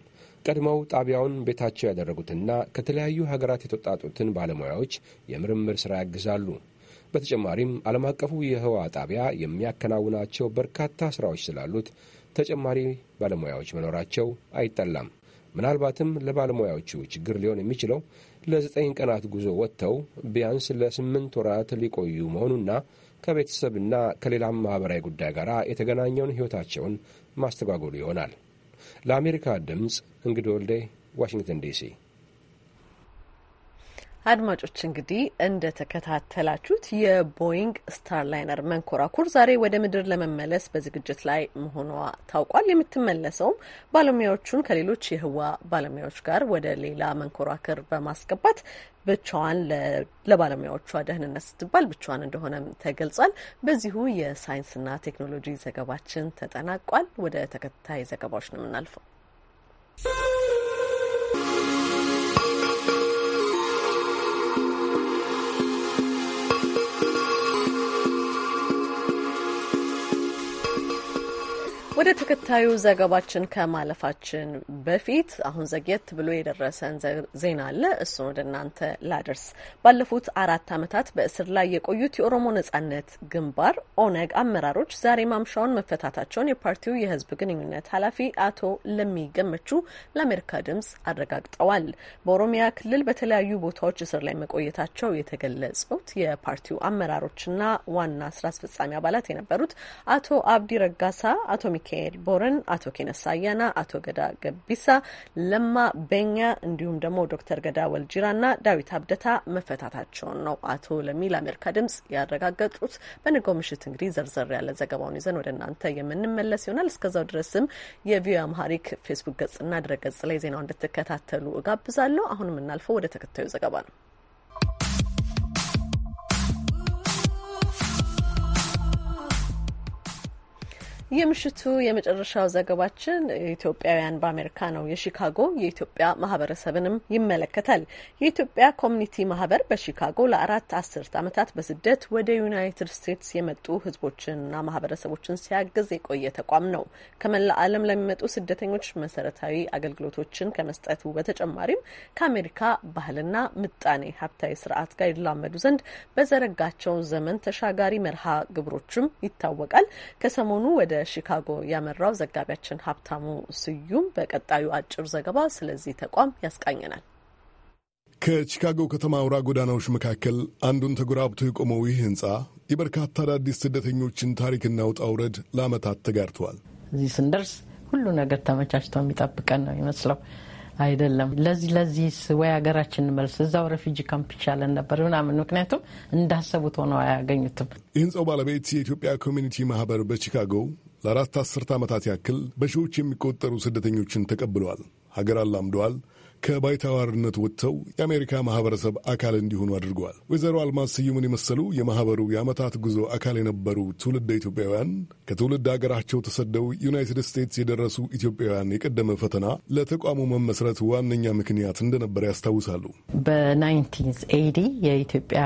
ቀድመው ጣቢያውን ቤታቸው ያደረጉትና ከተለያዩ ሀገራት የተወጣጡትን ባለሙያዎች የምርምር ሥራ ያግዛሉ። በተጨማሪም ዓለም አቀፉ የህዋ ጣቢያ የሚያከናውናቸው በርካታ ሥራዎች ስላሉት ተጨማሪ ባለሙያዎች መኖራቸው አይጠላም። ምናልባትም ለባለሙያዎቹ ችግር ሊሆን የሚችለው ለዘጠኝ ቀናት ጉዞ ወጥተው ቢያንስ ለስምንት ወራት ሊቆዩ መሆኑና ከቤተሰብና ከሌላም ማኅበራዊ ጉዳይ ጋር የተገናኘውን ሕይወታቸውን ማስተጓጎሉ ይሆናል። ለአሜሪካ ድምፅ እንግዶ ወልዴ ዋሽንግተን ዲሲ አድማጮች እንግዲህ እንደተከታተላችሁት የቦይንግ ስታርላይነር መንኮራኩር ዛሬ ወደ ምድር ለመመለስ በዝግጅት ላይ መሆኗ ታውቋል። የምትመለሰውም ባለሙያዎቹን ከሌሎች የህዋ ባለሙያዎች ጋር ወደ ሌላ መንኮራኩር በማስገባት ብቻዋን ለባለሙያዎቿ ደህንነት ስትባል ብቻዋን እንደሆነም ተገልጿል። በዚሁ የሳይንስና ቴክኖሎጂ ዘገባችን ተጠናቋል። ወደ ተከታይ ዘገባዎች ነው የምናልፈው። ወደ ተከታዩ ዘገባችን ከማለፋችን በፊት አሁን ዘግየት ብሎ የደረሰን ዜና አለ። እሱን ወደ እናንተ ላደርስ። ባለፉት አራት ዓመታት በእስር ላይ የቆዩት የኦሮሞ ነጻነት ግንባር ኦነግ አመራሮች ዛሬ ማምሻውን መፈታታቸውን የፓርቲው የህዝብ ግንኙነት ኃላፊ አቶ ለሚገመቹ ለአሜሪካ ድምጽ አረጋግጠዋል። በኦሮሚያ ክልል በተለያዩ ቦታዎች እስር ላይ መቆየታቸው የተገለጹት የፓርቲው አመራሮችና ዋና ስራ አስፈጻሚ አባላት የነበሩት አቶ አብዲ ረጋሳ፣ አቶ ሚካኤል ቦረን አቶ ኬነሳ አያና፣ አቶ ገዳ ገቢሳ፣ ለማ በኛ እንዲሁም ደግሞ ዶክተር ገዳ ወልጅራ እና ዳዊት አብደታ መፈታታቸውን ነው አቶ ለሚ ለአሜሪካ ድምጽ ያረጋገጡት። በንጋው ምሽት እንግዲህ ዘርዘር ያለ ዘገባውን ይዘን ወደ እናንተ የምንመለስ ይሆናል። እስከዛው ድረስም የቪዮ አምሃሪክ ፌስቡክ ገጽና ድረ ገጽ ላይ ዜናው እንድትከታተሉ እጋብዛለሁ። አሁን የምናልፈው ወደ ተከታዩ ዘገባ ነው። የምሽቱ የመጨረሻው ዘገባችን ኢትዮጵያውያን በአሜሪካ ነው። የሺካጎ የኢትዮጵያ ማህበረሰብንም ይመለከታል። የኢትዮጵያ ኮሚኒቲ ማህበር በሺካጎ ለአራት አስርት ዓመታት በስደት ወደ ዩናይትድ ስቴትስ የመጡ ህዝቦችንና ማህበረሰቦችን ሲያግዝ የቆየ ተቋም ነው። ከመላ ዓለም ለሚመጡ ስደተኞች መሰረታዊ አገልግሎቶችን ከመስጠቱ በተጨማሪም ከአሜሪካ ባህልና ምጣኔ ሀብታዊ ስርዓት ጋር ይላመዱ ዘንድ በዘረጋቸው ዘመን ተሻጋሪ መርሃ ግብሮችም ይታወቃል። ከሰሞኑ ወደ ሺካጎ ያመራው ዘጋቢያችን ሀብታሙ ስዩም በቀጣዩ አጭር ዘገባ ስለዚህ ተቋም ያስቃኘናል። ከቺካጎ ከተማ አውራ ጎዳናዎች መካከል አንዱን ተጎራብቶ የቆመው ይህ ህንፃ የበርካታ አዳዲስ ስደተኞችን ታሪክና ውጣ ውረድ ለዓመታት ተጋርተዋል። እዚህ ስንደርስ ሁሉ ነገር ተመቻችቶ የሚጠብቀን ነው ይመስለው አይደለም። ለዚህ ለዚህ ወይ ሀገራችን መልስ እዛው ረፊጂ ካምፕ ይሻለን ነበር ምናምን። ምክንያቱም እንዳሰቡት ሆነው አያገኙትም። የህንፃው ባለቤት የኢትዮጵያ ኮሚኒቲ ማህበር በቺካጎ ለአራት አስርተ ዓመታት ያክል በሺዎች የሚቆጠሩ ስደተኞችን ተቀብለዋል። ሀገር አላምደዋል። ከባይታዋርነት ወጥተው የአሜሪካ ማህበረሰብ አካል እንዲሆኑ አድርገዋል። ወይዘሮ አልማዝ ስዩምን የመሰሉ የማህበሩ የዓመታት ጉዞ አካል የነበሩ ትውልደ ኢትዮጵያውያን ከትውልድ ሀገራቸው ተሰደው ዩናይትድ ስቴትስ የደረሱ ኢትዮጵያውያን የቀደመ ፈተና ለተቋሙ መመስረት ዋነኛ ምክንያት እንደነበር ያስታውሳሉ። በ1980 የኢትዮጵያ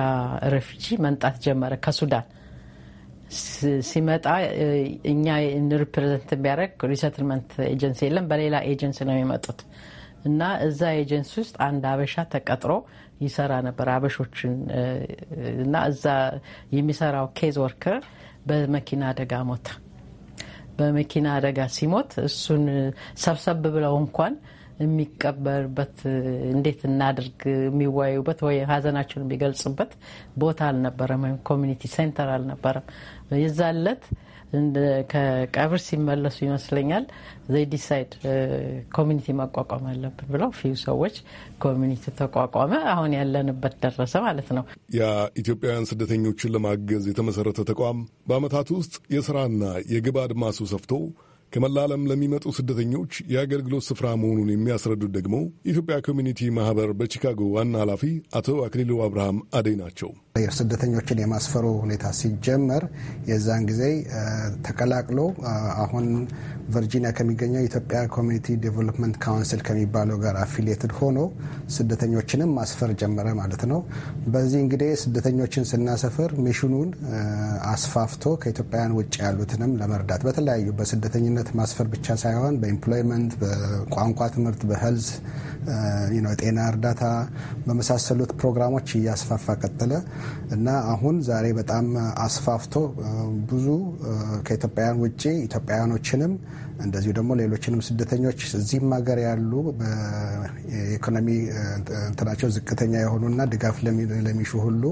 ሬፊጂ መምጣት ጀመረ ከሱዳን ሲመጣ እኛ ሪፕሬዘንት ቢያደርግ ሪሰትልመንት ኤጀንሲ የለም፣ በሌላ ኤጀንሲ ነው የሚመጡት እና እዛ ኤጀንሲ ውስጥ አንድ አበሻ ተቀጥሮ ይሰራ ነበር አበሾችን እና እዛ የሚሰራው ኬዝ ወርከር በመኪና አደጋ ሞታ። በመኪና አደጋ ሲሞት እሱን ሰብሰብ ብለው እንኳን የሚቀበርበት እንዴት እናድርግ የሚወያዩበት ወይ ሀዘናቸውን የሚገልጽበት ቦታ አልነበረም፣ ወይም ኮሚኒቲ ሴንተር አልነበረም። የዛለት ከቀብር ሲመለሱ ይመስለኛል ዘይ ዲሳይድ ኮሚኒቲ ማቋቋም አለብን ብለው ፊው ሰዎች ኮሚኒቲ ተቋቋመ። አሁን ያለንበት ደረሰ ማለት ነው። የኢትዮጵያውያን ስደተኞችን ለማገዝ የተመሰረተ ተቋም በአመታት ውስጥ የስራና የግብ አድማሱ ሰፍቶ ከመላለም ለሚመጡ ስደተኞች የአገልግሎት ስፍራ መሆኑን የሚያስረዱት ደግሞ የኢትዮጵያ ኮሚኒቲ ማህበር በቺካጎ ዋና ኃላፊ አቶ አክሊሉ አብርሃም አደይ ናቸው። ስደተኞችን የማስፈሩ ሁኔታ ሲጀመር የዛን ጊዜ ተቀላቅሎ አሁን ቨርጂኒያ ከሚገኘው ኢትዮጵያ ኮሚኒቲ ዴቨሎፕመንት ካውንስል ከሚባለው ጋር አፊሊየትድ ሆኖ ስደተኞችንም ማስፈር ጀመረ ማለት ነው። በዚህ እንግዲህ ስደተኞችን ስናሰፍር ሚሽኑን አስፋፍቶ ከኢትዮጵያውያን ውጭ ያሉትንም ለመርዳት በተለያዩ በስደተኝነት ማስፈር ብቻ ሳይሆን በኢምፕሎይመንት፣ በቋንቋ ትምህርት፣ በሄልዝ ጤና እርዳታ በመሳሰሉት ፕሮግራሞች እያስፋፋ ቀጠለ። እና አሁን ዛሬ በጣም አስፋፍቶ ብዙ ከኢትዮጵያውያን ውጭ ኢትዮጵያውያኖችንም እንደዚሁ ደግሞ ሌሎችንም ስደተኞች እዚህም ሀገር ያሉ በኢኮኖሚ እንትናቸው ዝቅተኛ የሆኑና ድጋፍ ለሚሹ ሁሉ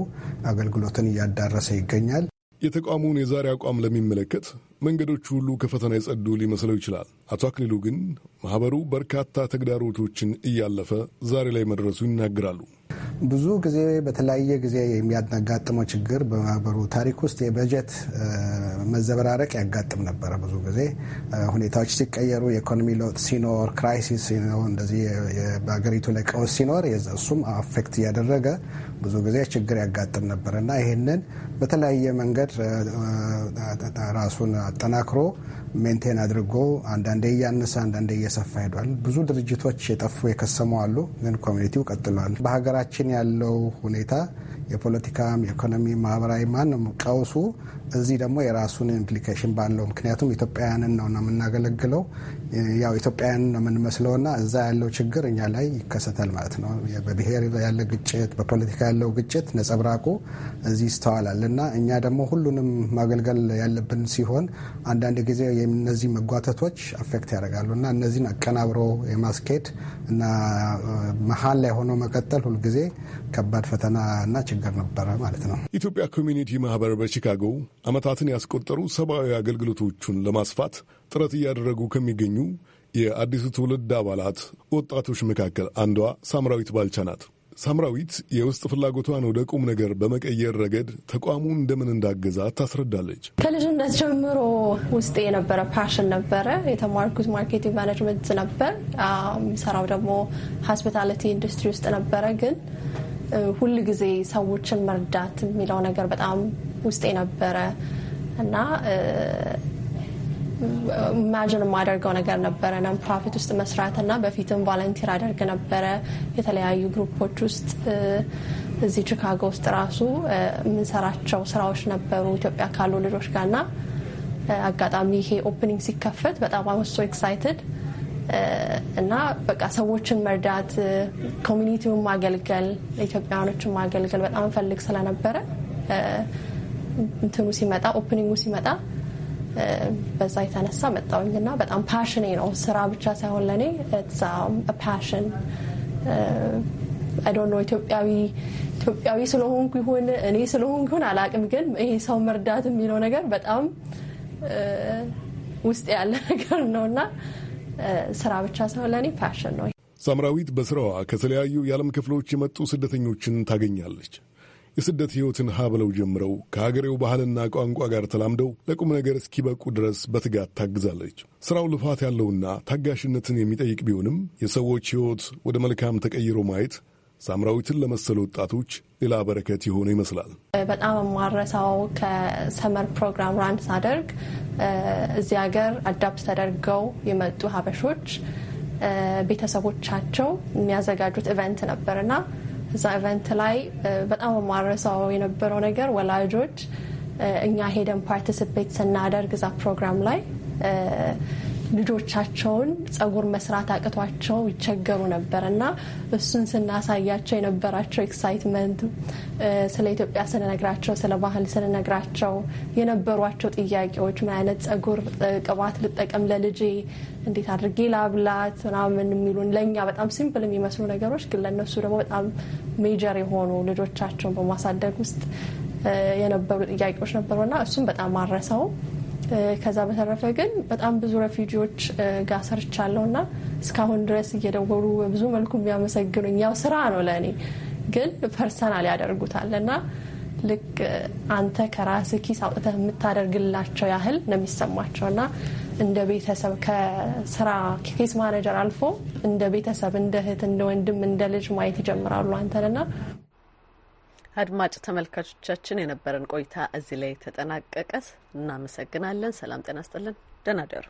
አገልግሎትን እያዳረሰ ይገኛል። የተቋሙን የዛሬ አቋም ለሚመለከት መንገዶቹ ሁሉ ከፈተና የጸዱ ሊመስለው ይችላል። አቶ አክሊሉ ግን ማህበሩ በርካታ ተግዳሮቶችን እያለፈ ዛሬ ላይ መድረሱ ይናገራሉ። ብዙ ጊዜ በተለያየ ጊዜ የሚያጋጥመው ችግር በማህበሩ ታሪክ ውስጥ የበጀት መዘበራረቅ ያጋጥም ነበረ። ብዙ ጊዜ ሁኔታዎች ሲቀየሩ፣ የኢኮኖሚ ለውጥ ሲኖር፣ ክራይሲስ ሲኖር፣ እንደዚህ በሀገሪቱ ላይ ቀውስ ሲኖር እሱም አፌክት እያደረገ ብዙ ጊዜ ችግር ያጋጥም ነበር እና ይህንን በተለያየ መንገድ ራሱን አጠናክሮ ሜንቴን አድርጎ አንዳንዴ እያነሰ አንዳንዴ እየሰፋ ሄዷል። ብዙ ድርጅቶች የጠፉ የከሰሙ አሉ፣ ግን ኮሚኒቲው ቀጥሏል። በሀገራችን ያለው ሁኔታ የፖለቲካም፣ የኢኮኖሚ፣ ማህበራዊ ማንም ቀውሱ እዚህ ደግሞ የራሱን ኢምፕሊኬሽን ባለው ምክንያቱም ኢትዮጵያውያንን ነው ነው የምናገለግለው ያው ኢትዮጵያውያንን ነው ና እዛ ያለው ችግር እኛ ላይ ይከሰታል ማለት ነው። በብሔር ያለ ግጭት፣ በፖለቲካ ያለው ግጭት ነጸብራቁ እዚህ ይስተዋላል እና እኛ ደግሞ ሁሉንም ማገልገል ያለብን ሲሆን አንዳንድ ጊዜ እነዚህ መጓተቶች አፌክት ያደርጋሉ እና እነዚህን አቀናብሮ የማስኬድ እና መሀል ላይ ሆኖ መቀጠል ሁልጊዜ ከባድ ፈተና እና ችግር ነበረ ማለት ነው። ኢትዮጵያ ኮሚኒቲ ማህበር በቺካጎ ዓመታትን ያስቆጠሩ ሰብአዊ አገልግሎቶቹን ለማስፋት ጥረት እያደረጉ ከሚገኙ የአዲሱ ትውልድ አባላት ወጣቶች መካከል አንዷ ሳምራዊት ባልቻ ናት። ሳምራዊት የውስጥ ፍላጎቷን ወደ ቁም ነገር በመቀየር ረገድ ተቋሙ እንደምን እንዳገዛ ታስረዳለች። ከልጅነት ጀምሮ ውስጤ የነበረ ፓሽን ነበረ። የተማርኩት ማርኬቲንግ ማኔጅመንት ነበር። የምሰራው ደግሞ ሆስፒታሊቲ ኢንዱስትሪ ውስጥ ነበረ ግን ሁል ጊዜ ሰዎችን መርዳት የሚለው ነገር በጣም ውስጤ ነበረ እና ኢማጅን የማደርገው ነገር ነበረ ነን ፕሮፊት ውስጥ መስራት እና በፊትም ቫለንቲር አደርግ ነበረ የተለያዩ ግሩፖች ውስጥ እዚህ ቺካጎ ውስጥ ራሱ የምንሰራቸው ስራዎች ነበሩ ኢትዮጵያ ካሉ ልጆች ና አጋጣሚ ይሄ ኦፕኒንግ ሲከፈት በጣም አመሶ ኤክሳይትድ እና በቃ ሰዎችን መርዳት፣ ኮሚኒቲውን ማገልገል፣ ኢትዮጵያውያኖችን ማገልገል በጣም እንፈልግ ስለነበረ እንትኑ ሲመጣ ኦፕኒንጉ ሲመጣ በዛ የተነሳ መጣውኝ እና በጣም ፓሽኔ ነው ስራ ብቻ ሳይሆን ለእኔ ፓሽን አይ ዶንት ኖ ኢትዮጵያዊ ኢትዮጵያዊ ስለሆንኩ ይሁን እኔ ስለሆንኩ ይሁን አላቅም፣ ግን ይሄ ሰው መርዳት የሚለው ነገር በጣም ውስጥ ያለ ነገር ነው እና ስራ ብቻ ሳይሆን ለእኔ ፋሽን ነው። ሳምራዊት በስራዋ ከተለያዩ የዓለም ክፍሎች የመጡ ስደተኞችን ታገኛለች። የስደት ሕይወትን ሀ ብለው ጀምረው ከሀገሬው ባህልና ቋንቋ ጋር ተላምደው ለቁም ነገር እስኪበቁ ድረስ በትጋት ታግዛለች። ስራው ልፋት ያለውና ታጋሽነትን የሚጠይቅ ቢሆንም የሰዎች ሕይወት ወደ መልካም ተቀይሮ ማየት ሳምራዊትን ለመሰሉ ወጣቶች ሌላ በረከት የሆነ ይመስላል። በጣም የማረሳው ከሰመር ፕሮግራም ራን ሳደርግ እዚህ ሀገር አዳፕት ተደርገው የመጡ ሀበሾች ቤተሰቦቻቸው የሚያዘጋጁት ኢቨንት ነበርና እዛ ኢቨንት ላይ በጣም የማረሳው የነበረው ነገር ወላጆች እኛ ሄደን ፓርቲስፔት ስናደርግ እዛ ፕሮግራም ላይ ልጆቻቸውን ጸጉር መስራት አቅቷቸው ይቸገሩ ነበር እና እሱን ስናሳያቸው የነበራቸው ኤክሳይትመንት፣ ስለ ኢትዮጵያ ስንነግራቸው፣ ስለ ባህል ስንነግራቸው የነበሯቸው ጥያቄዎች ምን አይነት ጸጉር ቅባት ልጠቀም ለልጄ እንዴት አድርጌ ላብላት ምናምን የሚሉን ለእኛ በጣም ሲምፕል የሚመስሉ ነገሮች ግን ለእነሱ ደግሞ በጣም ሜጀር የሆኑ ልጆቻቸውን በማሳደግ ውስጥ የነበሩ ጥያቄዎች እና እሱም በጣም አረሰው። ከዛ በተረፈ ግን በጣም ብዙ ረፊጂዎች ጋር ሰርቻለሁ እና እስካሁን ድረስ እየደወሉ በብዙ መልኩ የሚያመሰግኑኝ ያው ስራ ነው ለእኔ ግን ፐርሰናል ያደርጉታል እና ልክ አንተ ከራስ ኪስ አውጥተህ የምታደርግላቸው ያህል ነው የሚሰማቸው እና እንደ ቤተሰብ ከስራ ኬስ ማኔጀር አልፎ እንደ ቤተሰብ፣ እንደ እህት፣ እንደ ወንድም፣ እንደ ልጅ ማየት ይጀምራሉ አንተንና አድማጭ ተመልካቾቻችን የነበረን ቆይታ እዚህ ላይ ተጠናቀቀ። እናመሰግናለን። ሰላም ጤና ስጥልን። ደህና ደሩ።